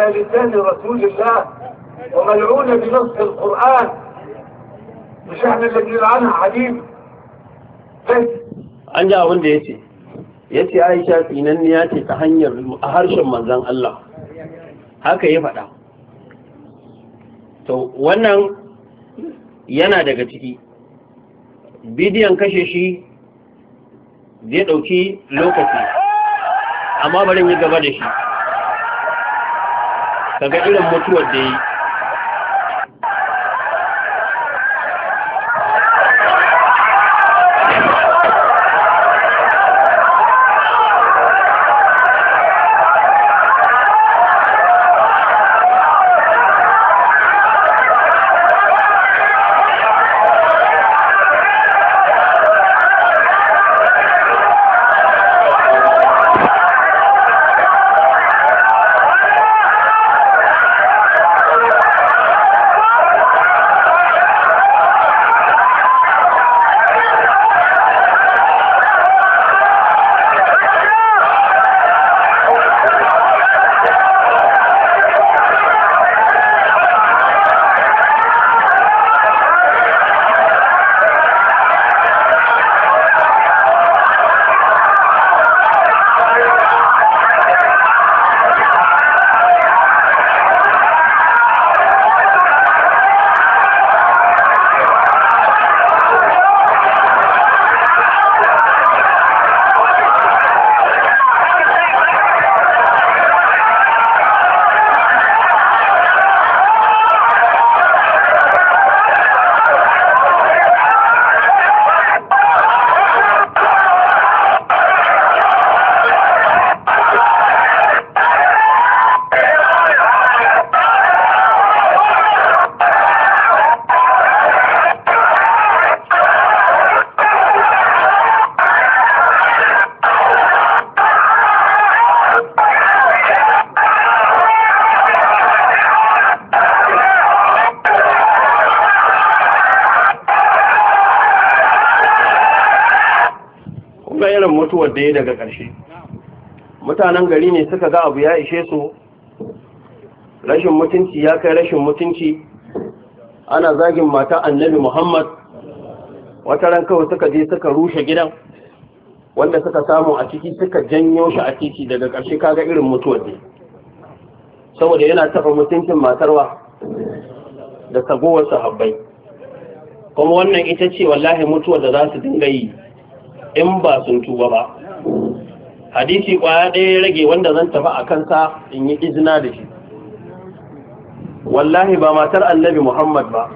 لسان رسول الله وملعون بنص القرآن مش احنا اللي بنلعنها حديث
بس an ji abin da ya ce ya ce aisha tsinanniya ce ta hanyar harshen manzon Allah haka ya faɗa to wannan yana daga ciki bidiyon kashe shi zai ɗauki lokaci amma barin yi gaba da shi kaga irin mutuwar da yi kuma irin mutuwar da ya daga ƙarshe mutanen gari ne suka ga abu ya ishe su rashin mutunci ya kai rashin mutunci ana zagin mata annabi muhammad wata ran kawai suka je suka rushe gidan wanda suka samu a ciki suka janyo shi a titi daga ƙarshe kaga irin mutuwar ne saboda yana taɓa mutuncin matarwa da sagowar sahabbai kuma wannan ita ce wallahi mutuwar da za su dinga yi in ba sun tuba ba hadisi kwaya ɗaya ya rage wanda zan tafi a kansa in yi izina da shi wallahi ba matar annabi muhammad ba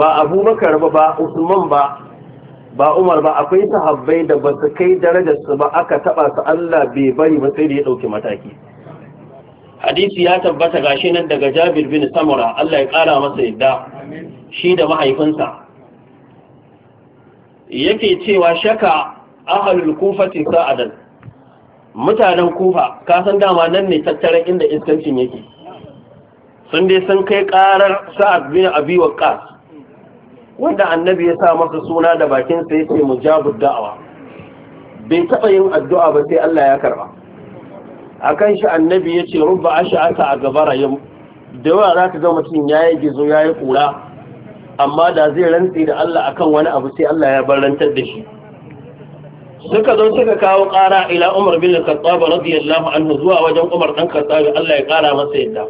ba abubakar ba ba usman ba ba umar ba akwai sahabbai da ba su kai darajarsu ba aka taɓa su allah bai bari ba sai da ya ɗauki mataki hadisi ya tabbata gashi nan daga jabir bin samura allah ya ƙara masa yadda shi da mahaifinsa yake cewa shaka ahalul kufati sa'adan mutanen kufa kasan dama nan ne tattara inda iskancin yake sun dai sun kai karar sa'ad bin abi waqqas wanda annabi ya sa masa suna da bakin sa yace mujabud dawa. bai taɓa yin addu'a ba sai Allah ya karba akan shi annabi yace rubba ash'ata a gabara yau da yawa za ka ga mutum yayi gizo yayi kura amma da zai rantsi da Allah akan wani abu sai Allah ya bar rantar da shi suka zo suka kawo ƙara ila Umar bin Khattab radiyallahu anhu zuwa wajen Umar dan Khattab Allah ya ƙara masa yadda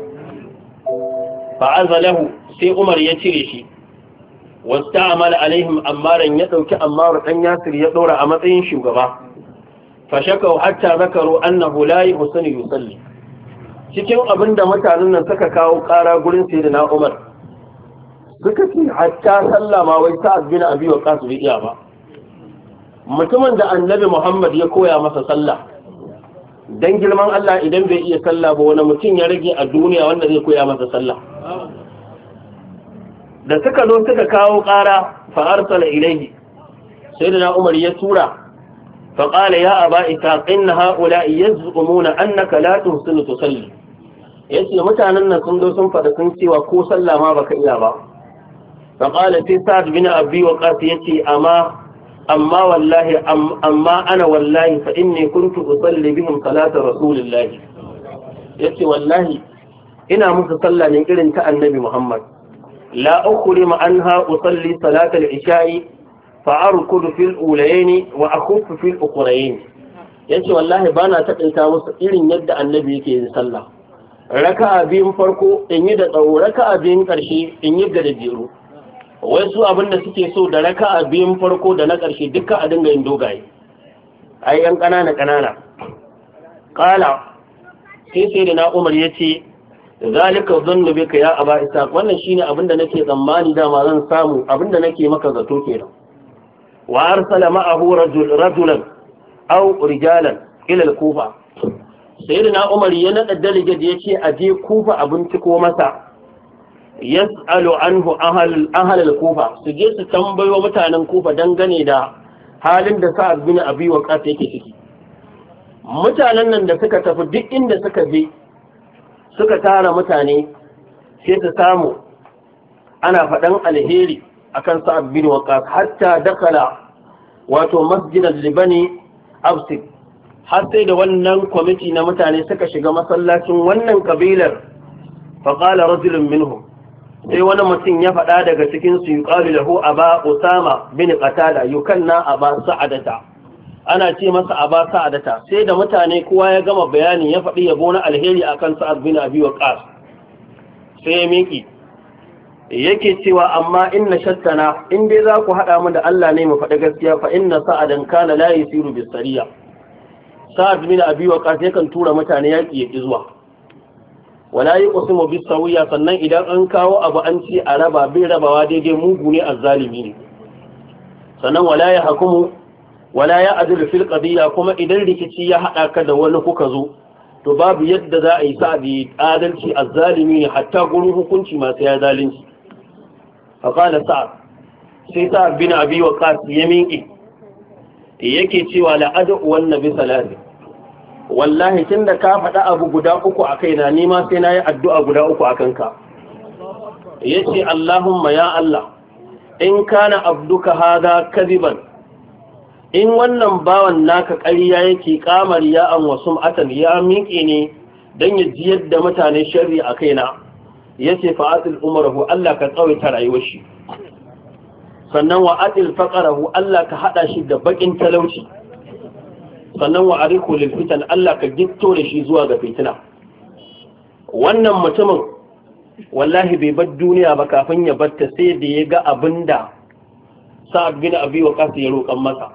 fa'azalahu sai Umar ya cire shi wasta'amala alaihim ammaran ya dauki ammar dan Yasir ya dora a matsayin shugaba fashakau hatta zakaru annahu la yusalli yusalli cikin abinda mutanen nan suka kawo ƙara gurin sayyidina Umar suka ce hatta sallah ma wai a biyu abi wa qasim iya ba mutumin da annabi Muhammad ya koya masa sallah dan girman Allah idan bai iya sallah ba wani mutum ya rage a duniya wanda zai koya masa sallah da suka zo suka kawo ƙara fa arsala ilayhi sai da Umar ya tura fa qala ya aba ita inna haula yazqumuna annaka la tuhsinu tusalli yace mutanen nan sun zo sun fada sun cewa ko sallah ma baka iya ba faƙala sai sa'ad bin abi wa qas yace amma amma wallahi amma ana wallahi fa inni kuntu usalli bihim salata rasulillahi yace wallahi ina musu sallah ne irin ta annabi muhammad la ukhri ma anha usalli salata al-isha'i fa arkud fi al-ulayni wa akhuf fi al-ukhrayn yace wallahi bana taɗinta musu irin yadda annabi yake yin sallah raka'a biyun farko in yi da tsawo raka'a biyun ƙarshe in yi da jeru wai su abin da suke so da raka a biyun farko da na ƙarshe duka a dinga yin dogaye a yi ‘yan ƙanana ƙanana ƙala sai sai da na ya ce zalika zannu bika ya aba isa wannan shine abin da nake tsammani dama zan samu abin da nake maka zato kenan wa arsala ma'ahu rajul rajulan aw rijalan ila al-kufa sayyidina umar ya nada delegate yace a je kufa abin ko masa yas'alu anhu ahal ahal kufa su je su tambayo mutanen kufa dangane da halin da sa'ad bin abi waqas yake ciki mutanen nan da suka tafi duk inda suka je suka tara mutane sai su samu ana faɗan alheri akan sa'ad bin waqas hatta dakala wato masjidan libani absik har sai da wannan kwamiti na mutane suka shiga masallacin wannan kabilar Fakala rajulun minhum sai wani mutum ya faɗa daga cikin su da a ba usama bin qatada a ba sa'adata ana ce masa a ba sa'adata sai da mutane kowa ya gama bayani ya faɗi yabo na alheri a kan sa'ad bin abi sai ya miki yake cewa amma inna shattana in dai za ku haɗa mu da Allah ne mu faɗi gaskiya fa inna sa'adan kana la yusiru bis sariya sa'ad bin abi yakan tura mutane yaƙi ya zuwa wala yi kusurwa bisa wuya sannan idan an kawo abu an ce a raba bai rabawa daidai mugu ne a zalimi ne sannan wala ya hakumu wala ya adilu fil qadiyya kuma idan rikici ya haɗa ka da wani kuka zo to babu yadda za a yi sa bi adalci a zalimi ne hatta gurin hukunci masu ya zalunci fa qala sai sa bin abi yamin yake cewa la'adu wan nabi sallallahu wallahi tunda ka faɗa abu guda uku a kaina ni ma sai na yi addu'a guda uku a kanka yace Allahumma ya Allah in kana abduka hadha kadiban in wannan bawan naka ƙarya yake kamar ya an wasu atan ya miƙe ne dan ya ji yadda mutane shari a kaina yace fa atil umrahu Allah ka ta rayuwar shi sannan wa faƙarahu Allah ka haɗa shi da baƙin talauci sannan wa ariku lil fitan Allah ka gitto da shi zuwa ga fitina wannan mutumin wallahi bai bar duniya ba kafin ya batta sai da ya ga abinda sa'ad bin abi wa waqas ya roƙan masa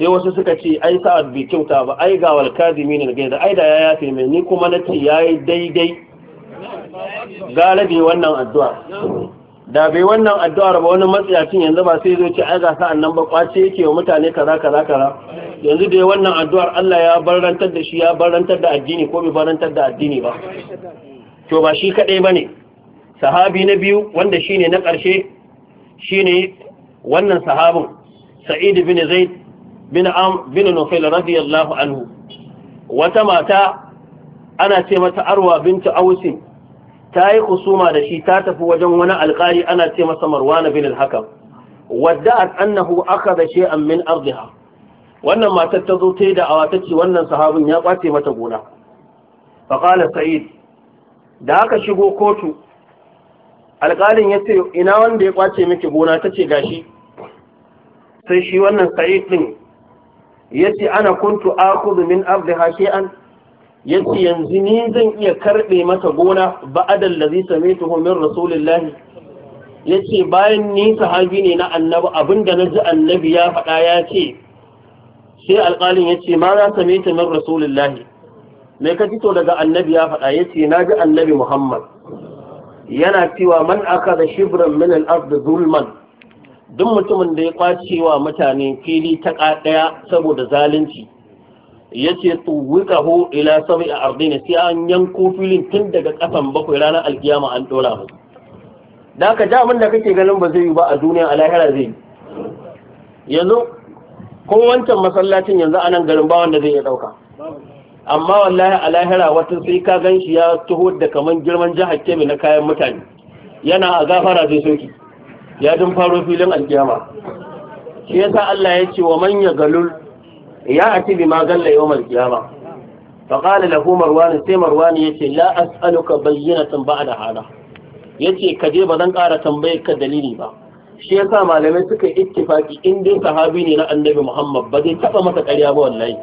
sai wasu suka ce ai sa'ad bai kyauta ba ai ga wal kadimin da ai da ya yafe mai ni kuma nace yayi daidai galabi wannan
addu'a
da bai wannan addu'ar ba wani matsiyacin yanzu ba sai zo ce ai ga sa'an nan ba kwace yake wa mutane kaza kaza kaza yanzu dai wannan addu'ar Allah ya barantar da shi ya barantar da addini ko bai barantar da addini ba to ba shi kadai bane sahabi na biyu wanda shine na karshe shine wannan sahabin Sa'id bin Zaid bin Am bin Nufail radiyallahu anhu wata mata ana ce mata Arwa bintu ausi ta yi husuma da shi ta tafi wajen wani alƙari ana ce masa marwana bin al-hakam wadda'at annahu akhadha shay'an min ardiha wannan matar ta zo ta yi da'awa ta ce wannan sahabin ya kwace mata gona faƙala sa'id da aka shigo kotu alƙalin ya ce ina wanda ya kwace miki gona ta ce gashi sai shi wannan sa'id ɗin ya ce ana kuntu akudu min abdi hashe'an yace yanzu ni zan iya karbe maka gona ba'adal ladhi samituhu min rasulillahi yace bayan ni sahabi ne na annabi abinda naji annabi ya faɗa ya ce sai alƙalin yace ma za samita min rasulillahi me ka fito daga annabi ya faɗa yace ji annabi Muhammad yana cewa man da shibran min al-ard zulman duk mutumin da ya wa mutane fili ta ɗaya saboda zalunci yace tuwikahu ila ardi ne sai an yanko filin tun daga kasan bakwai ranar alkiyama an dora mu da ka ja da kake ganin ba zai yi ba a duniya a lahira zai yanzu ko wancan masallacin yanzu anan garin ba wanda zai iya dauka amma wallahi a lahira wata sai ka gan shi ya taho da kaman girman jihar kebe na kayan mutane yana a gafara zai soki ya dun faro filin alkiyama shi yasa Allah ya ce wa man ya ya ati bi ma galla yawmal qiyama fa qala lahu marwan sai marwan yace la as'aluka bayyinatan ba'da hada yace ka je ba zan ƙara tambayar ka dalili ba shi yasa malamai suka yi ittifaki in dai sahabi ne na annabi Muhammad ba zai taba masa ƙarya ba wallahi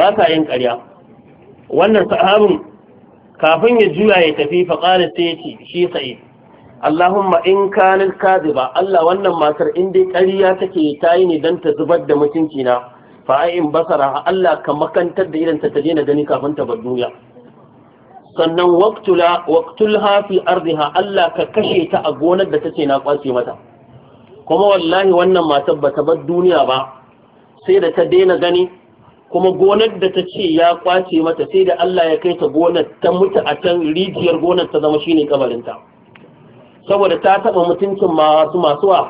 ba ta yin ƙarya wannan sahabin kafin ya juya ya tafi fa qala sai yace shi sa'id Allahumma in kanil kadiba Allah wannan matar in dai ƙarya take tayi ne dan ta zubar da mutunci na fa in basara Allah ka makantar da irin ta ta daina gani kafin ta bar sannan waqtula waqtulha fi Allah ka kashe ta a gonar da tace na kwace mata kuma wallahi wannan matar ba ta bar duniya ba sai da ta daina gani kuma gonar da ta ce ya kwace mata sai da Allah ya kai ta gonar ta mutu a can rijiyar gonar ta zama shine kabarinta saboda ta taba mutuncin masu masuwa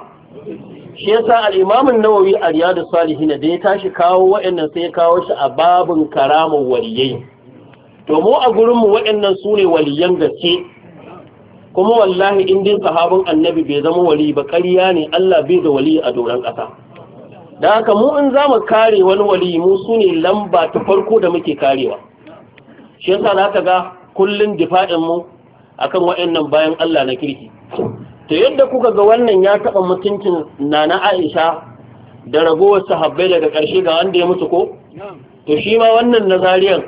shi yasa al-Imam an-Nawawi a Riyadus Salihin da ya tashi kawo wayannan sai ya kawo shi a babun karamar waliyai to mu a gurin mu waɗannan sune waliyan gaske kuma wallahi in din sahabin annabi bai zama wali ba ƙarya ne Allah bai da wali a doron ƙasa da haka mu in za mu kare wani wali mu sune lamba ta farko da muke karewa shi yasa za ka ga kullun difa'in mu akan wayannan bayan Allah na kirki ta yadda kuka ga wannan ya taɓa mutuncin nana aisha da ragowar sahabbai daga ƙarshe ga wanda ya mutu ko to shi ma wannan nazariyan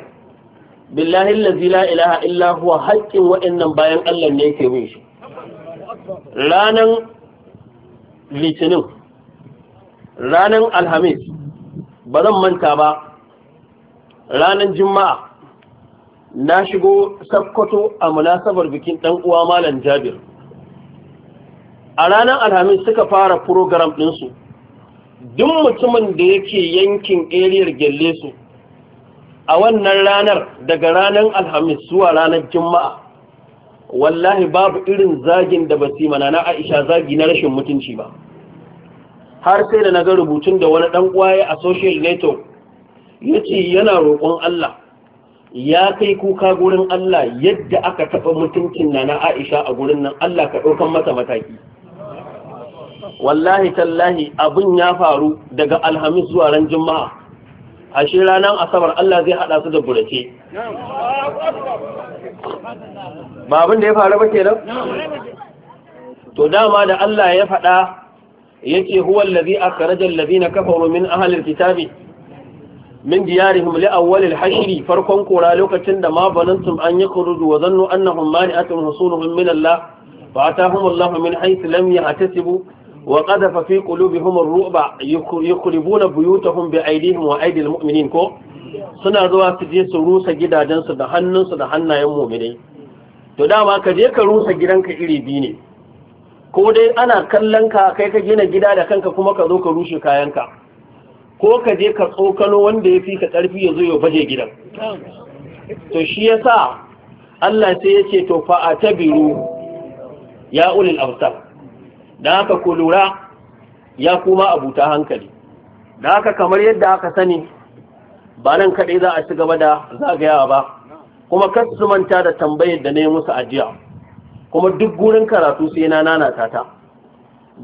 billahi lazi la ilaha illa huwa haƙƙin waɗannan bayan Allah ne yake bin shi ranan litinin ranan alhamis ba zan manta ba ranan juma'a na shigo sakkwato a munasabar bikin ɗan uwa malam jabir a ranar alhamis suka fara program ɗinsu duk mutumin da yake yankin eriyar gyalle su a wannan ranar daga ranar alhamis zuwa ranar juma'a wallahi babu irin zagin da ba mana na aisha zagi na rashin mutunci ba har sai da na ga rubutun da wani ɗan ƙwaye a social network ya ce yana roƙon allah ya kai kuka gurin allah yadda aka taɓa mutuncin na na aisha a gurin nan allah ka ɗaukan mata mataki wallahi tallahi abin ya faru daga alhamis zuwa ran juma'a ashe ranar asabar Allah zai hada su da burace ba abin da ya faru ba kenan to dama da Allah ya faɗa yake huwa allazi akhraja allazina kafaru min ahli alkitabi min diyarihim li awwal alhashr farkon kora lokacin da ma banantum an yakhruju wa zannu annahum mani'atun husuluhum min Allah fa atahum Allah min haythu lam yahtasibu wa qadafa fi qulubihim ar-ru'ba yukhribuna ta humbe ainihin wa mu'minin ko suna zuwa su je su rusa gidajensu da hannunsu da hannayen mu'minai to dama ka je ka rusa gidanka iri biyu ne ko dai ana kallon ka kai ka gina gida da kanka kuma ka zo ka rushe kayanka ko ka je ka tsokano wanda ya fi ka karfi ya zo ya baje gidan to shi yasa Allah sai ya ce to fa atabiru ya ulil absar da haka Kulura lura ya kuma ta hankali da haka kamar yadda aka sani ba nan kaɗai za a ci gaba da zagaya ba kuma kar manta da tambayar da na yi musu ajiya kuma duk gurin karatu sai na nanata tata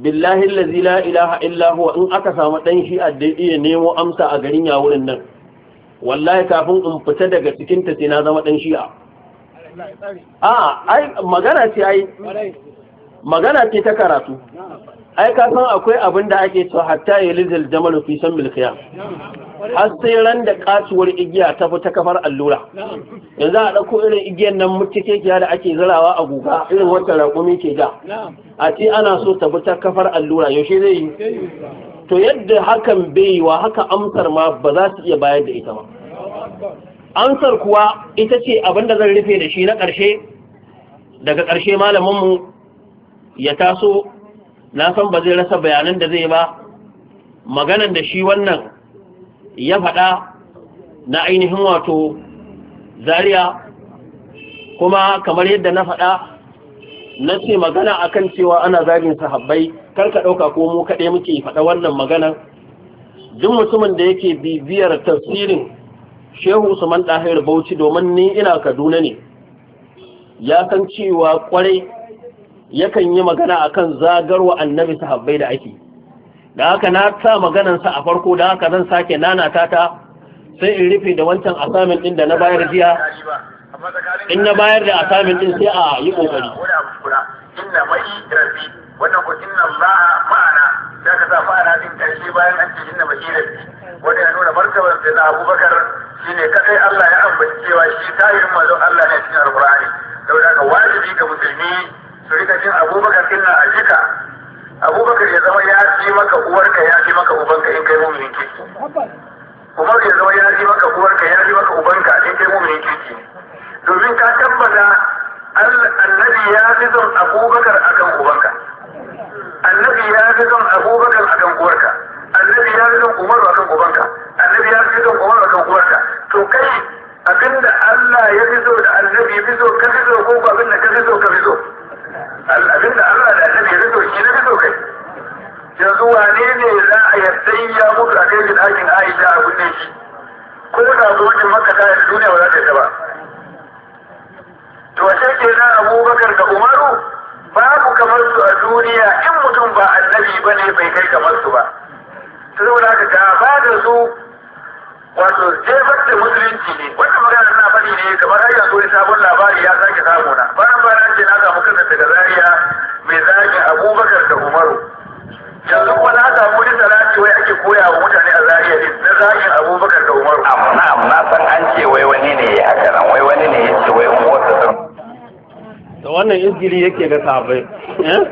billahi allazi la ilaha illa in aka samu ɗan shi da iya nemo amsa a garin ya wurin nan wallahi kafin in fita daga cikinta sai na zama ɗan shi'a a magana ce ai magana ce ta karatu ai ka san akwai abin da ake cewa hatta yalizil jamal fi san milkiya har sai ran da kasuwar igiya ta fi ta kafar allura yanzu a ɗauko irin igiyar nan mutukekiya da ake zarawa a guga irin wata rakumi ke da a ce ana so ta fi ta kafar allura yaushe zai yi to yadda hakan bai wa haka amsar ma ba za su iya bayar da ita ba amsar kuwa ita ce abin da zan rufe da shi na ƙarshe daga ƙarshe mu. ya taso na san ba zai rasa bayanan da zai ba maganan da shi wannan ya faɗa na ainihin wato zariya kuma kamar yadda na faɗa na ce magana akan cewa ana zagin sahabbai kar ka ɗauka ko mu kaɗai muke faɗa wannan maganan duk mutumin da yake bibiyar tafsirin shehu usman ɗahir bauchi domin ni ina kaduna ne ya san cewa kwarai yakan yi magana akan zagarwa annabi sahabbai da ake da haka na sa maganansa a farko da haka zan sake nanata ta sai in rufe da wancan asamin din da na bayar jiya
in na bayar da asamin din sai a yi kokari wannan Allah ka sa ya Allah ya ambaci cewa shi tahirin mazo Allah ne cikin Alqur'ani saboda haka wajibi ga musulmi su rika cin abubakar din nan a jika abubakar ya zama ya fi maka uwarka ya fi maka ubanka in kai mumin kirki umar ya zama ya fi maka uwarka ya fi maka ubanka in kai mumin kirki domin ka tabbata annabi ya fi
son abubakar akan ubanka annabi ya fi son abubakar akan uwarka annabi ya fi son umaru akan ubanka annabi ya fi son umaru akan uwarka to kai abinda Allah ya fi zo da annabi ya fi zo ka fi zo ko abinda ka fi zo ka fi zo abin da Allah da annabi ya zo shi na fito kai yanzu wane ne za
a yarda ya mutu a kai ɗakin Aisha a kunne shi ko da gwamnatin Makka ta yarda duniya ba za ta yarda ba to sai ke na Abubakar da Umaru babu kamar su a duniya in mutum ba annabi ne bai kai kamar su ba saboda haka gaba da su wato jefar da musulunci ne wannan magana na faɗi ne kamar a yanzu sabon labari ya sake samu na bayan bayan ce na samu kansa daga zaria mai zaki abubakar da umaru
yanzu kuma na samu wani salati wai ake koya wa mutane a zariya ne na zaki abubakar da umaru amma amma san an ce wai wani ne ya haka nan wai wani ne ya ce
wai uwarsa sun
da wannan izgiri yake na sabai eh?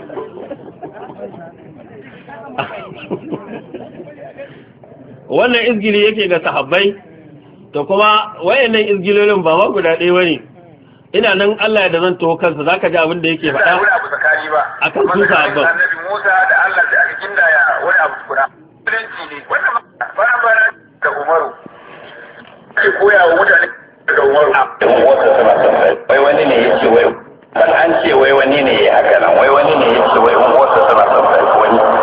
wannan izgili yake ga sahabbai to kuma wayannan izgilolin ba ma guda ɗaya bane ina nan Allah da zan taho kansa zaka ji abin da yake faɗa a kan su sahabban annabi Musa da Allah da aka gindaya wani abu guda musulunci ne wannan bara da Umaru kai koya wa mutane
da Umaru wai wani ne yake wai an ce wai wani ne ya haka nan wai wani ne yake wai wani wasa sama sama wani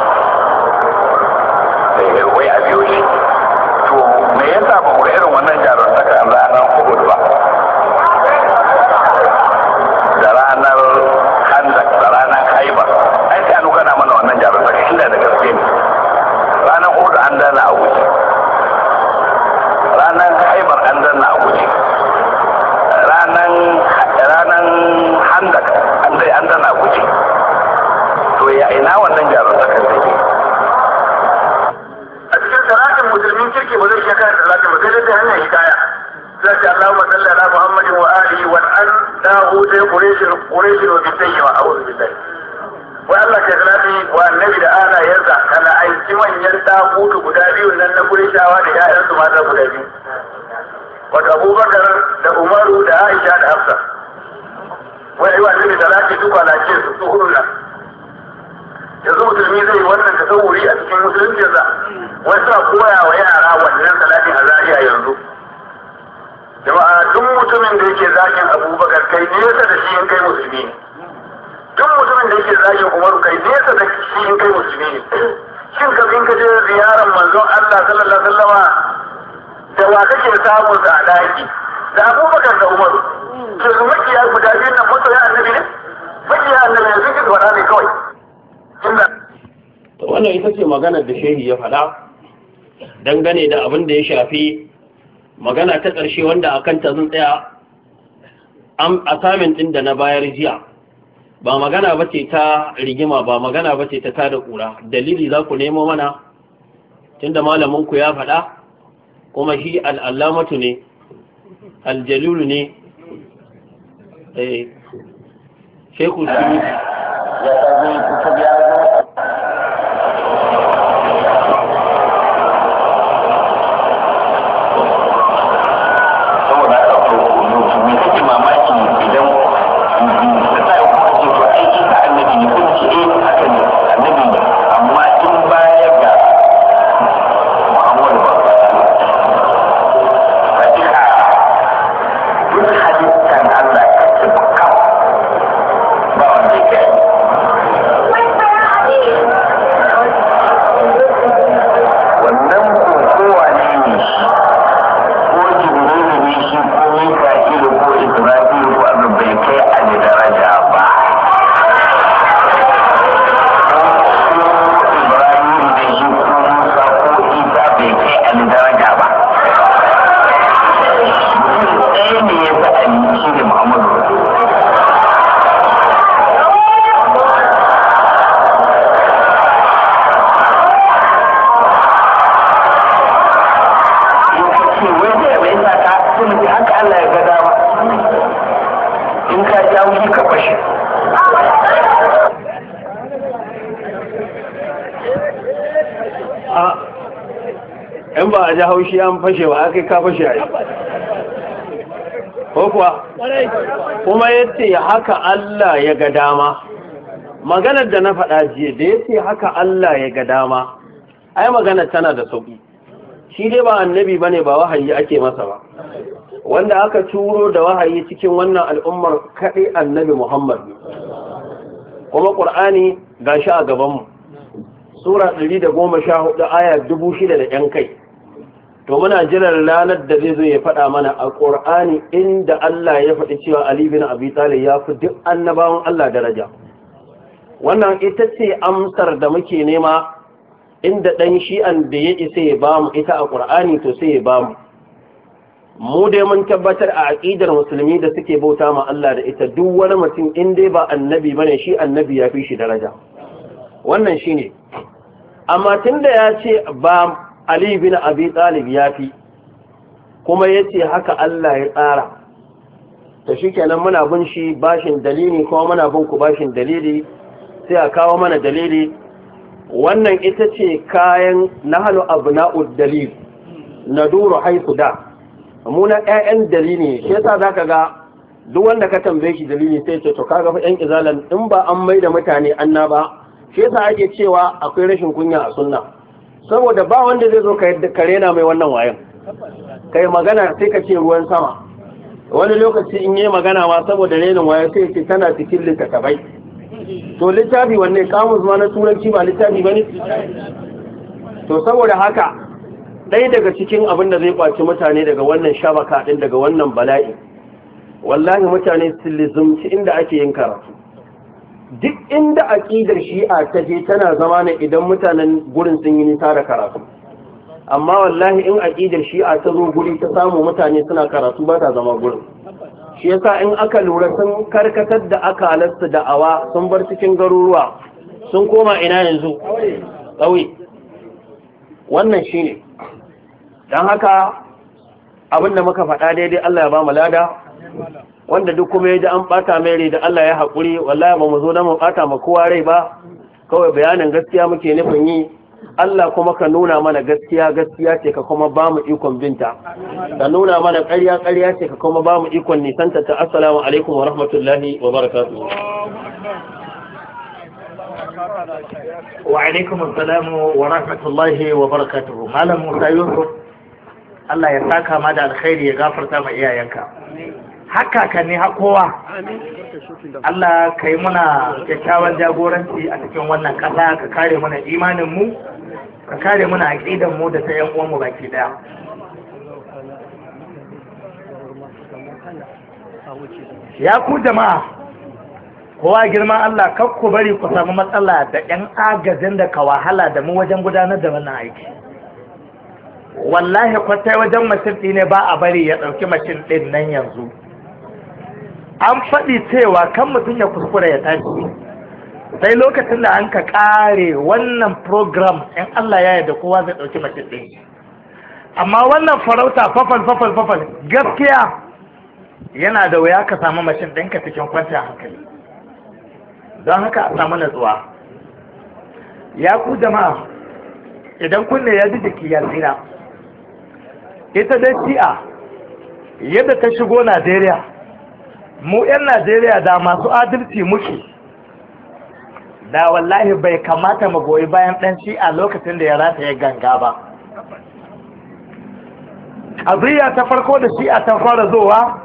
shehi ya faɗa dangane da abin da ya shafi magana ta ƙarshe wanda a kanta zan tsaya a samin ɗin da na bayar jiya ba magana ba ce ta rigima ba magana ba ce ta tada ƙura dalili za ku nemo mana tun da malaminku ya faɗa kuma shi al'allamatu ne aljalulu ne eh, shekul sulu ya ji haushi an fashe wa aka ka fashe ayi? ko kuwa kuma yace haka Allah ya ga dama maganar da na faɗa jiya da yace haka Allah ya ga dama ai magana tana da sauki shi dai ba annabi bane ba wahayi ake masa ba wanda aka turo da wahayi cikin wannan al'ummar kaɗai annabi Muhammad kuma ƙur'ani ga shi a mu sura 114 aya 6,000 da ‘yan kai to muna jiran ranar da zai zo ya faɗa mana a ƙur'ani inda Allah ya faɗi cewa Ali bin Abi Talib ya fi duk annabawan Allah daraja wannan ita ce amsar da muke nema inda ɗan shi'an da ya isa ya ba mu ita a ƙur'ani to sai ya ba mu mu dai mun tabbatar a aƙidar musulmi da suke bauta ma Allah da ita duk wani mutum in dai ba annabi bane shi annabi ya fi shi daraja wannan shine amma tunda ya ce ba ali bin abi talib ya fi kuma ya ce haka Allah ya tsara ta shi kenan muna bin shi bashin dalili kuma muna bin ku bashin dalili sai a kawo mana dalili wannan ita ce kayan nahalu na'ud dalil na duru haiku da muna 'ya'yan dalili shi yasa ka ga duk wanda ka tambaye shi dalili sai ce to ka gafi ƴan izalan in ba an mai da mutane anna ba shi yasa ake cewa akwai rashin kunya a sunna saboda ba wanda zai zo ka rena mai wannan wayan kai magana sai ka ce ruwan sama wani lokaci in yi magana ma saboda renin wayan sai ce tana cikin bai to littafi wanne kamus ma na turanci ba littafi ba ne to saboda haka ɗaya daga cikin abin da zai kwaci mutane daga wannan shabaka ɗin daga wannan bala'i wallahi mutane su lizumci inda ake yin karatu duk inda aƙidar shi'a ta je tana zama ne idan mutanen gurin sun yi nisa da karatu amma wallahi in aƙidar shi'a ta zo guri ta samu mutane suna karatu ba ta zama gurin shi yasa in aka lura sun karkatar da aka akalarsu awa sun bar cikin garuruwa sun koma ina yanzu ƙauye wannan shi ne. don haka abin da muka faɗa daidai Allah ya ba mu lada wanda duk kuma ya ji an ɓata mai rai da Allah ya haƙuri wallahi ba mu zo mu ɓata ma kowa rai ba kawai bayanin gaskiya muke nufin yi Allah kuma ka nuna mana gaskiya gaskiya ce ka kuma ba mu ikon binta ka nuna mana ƙarya ƙarya ce ka kuma ba mu ikon nisanta ta assalamu alaikum wa rahmatullahi wa barakatuhu wa alaikum assalamu wa rahmatullahi wa
barakatuhu malam Musa Yusuf Allah ya saka ma da alkhairi ya gafarta ma iyayenka haka ka ne kowa Allah ka yi muna kyakkyawan jagoranci a cikin wannan ƙasa ka kare muna imanin mu ka kare muna aƙidan mu da ta yan uwan mu baki daya
ya ku jama'a
kowa girman Allah kar ku bari ku samu matsala da yan agajin da ka wahala da mu wajen gudanar da wannan aiki wallahi kwatai wajen mashin ne ba a bari ya ɗauki mashin ɗin nan yanzu an faɗi cewa kan mutum ya kuskura ya tashi sai lokacin da an ka ƙare wannan program in Allah ya da kowa zai ɗauki mace ɗin amma wannan farauta fafal fafal fafal gaskiya yana da wuya ka samu mashin ɗinka cikin kwanciyar hankali don haka a samu natsuwa ya ku jama'a idan kunne ya ji jiki ya ita dai shi'a yadda ta shigo najeriya mu 'yan najeriya da masu adalci muke da wallahi bai kamata mu goyi bayan ɗan shi a lokacin da ya rata ya ganga ba ƙaziyya ta farko da shi a ta fara zowa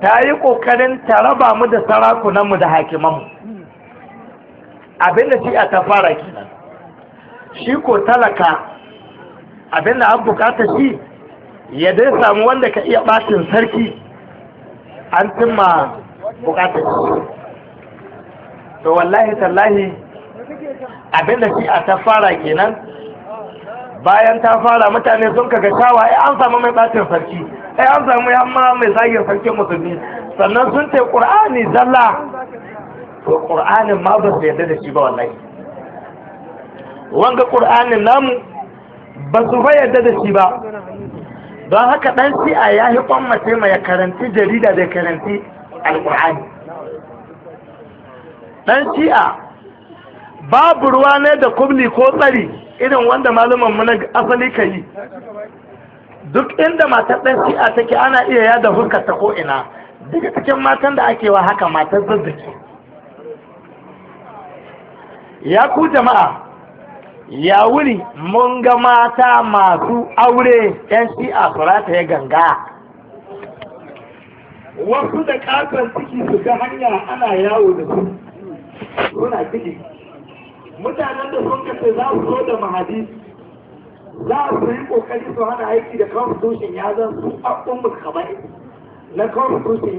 ta yi ƙoƙarin ta raba mu da sarakunanmu da hakimanmu abinda shi a ta fara kenan shi ko talaka abinda an bukata shi ya dai samu wanda ka iya ɓacin sarki an cimma bukatar to wallahi tallahi abinda shi a ta fara kenan bayan ta fara mutane sun kaga cewa ai an samu mai bacin sarki ai an samu yamma mai zagin sarkin musulmi sannan sun ce qur'ani zalla to qur'anin ma ba su yarda da shi ba wallahi wanga qur'anin namu ba su yarda da shi ba don haka ɗan si'a ya yi mace mai karanti jarida da karanti alƙur'ani ɗan si'a babu ruwa ne da kubli ko tsari irin wanda malaman mu na asali ka yi duk inda matar ɗan si'a take ana iya yada hukar ta ko'ina ina daga cikin matan da ake wa haka matar zazzaki ya ku jama'a ya wuri mun ga mata masu aure yan a surata ya ganga wasu da ƙasar ciki su ga hanya ana yawo da su suna ciki mutanen da sun kace za su zo da mahadi za su yi kokari su hana aiki da constitution ya zan su a umar kamar
na constitution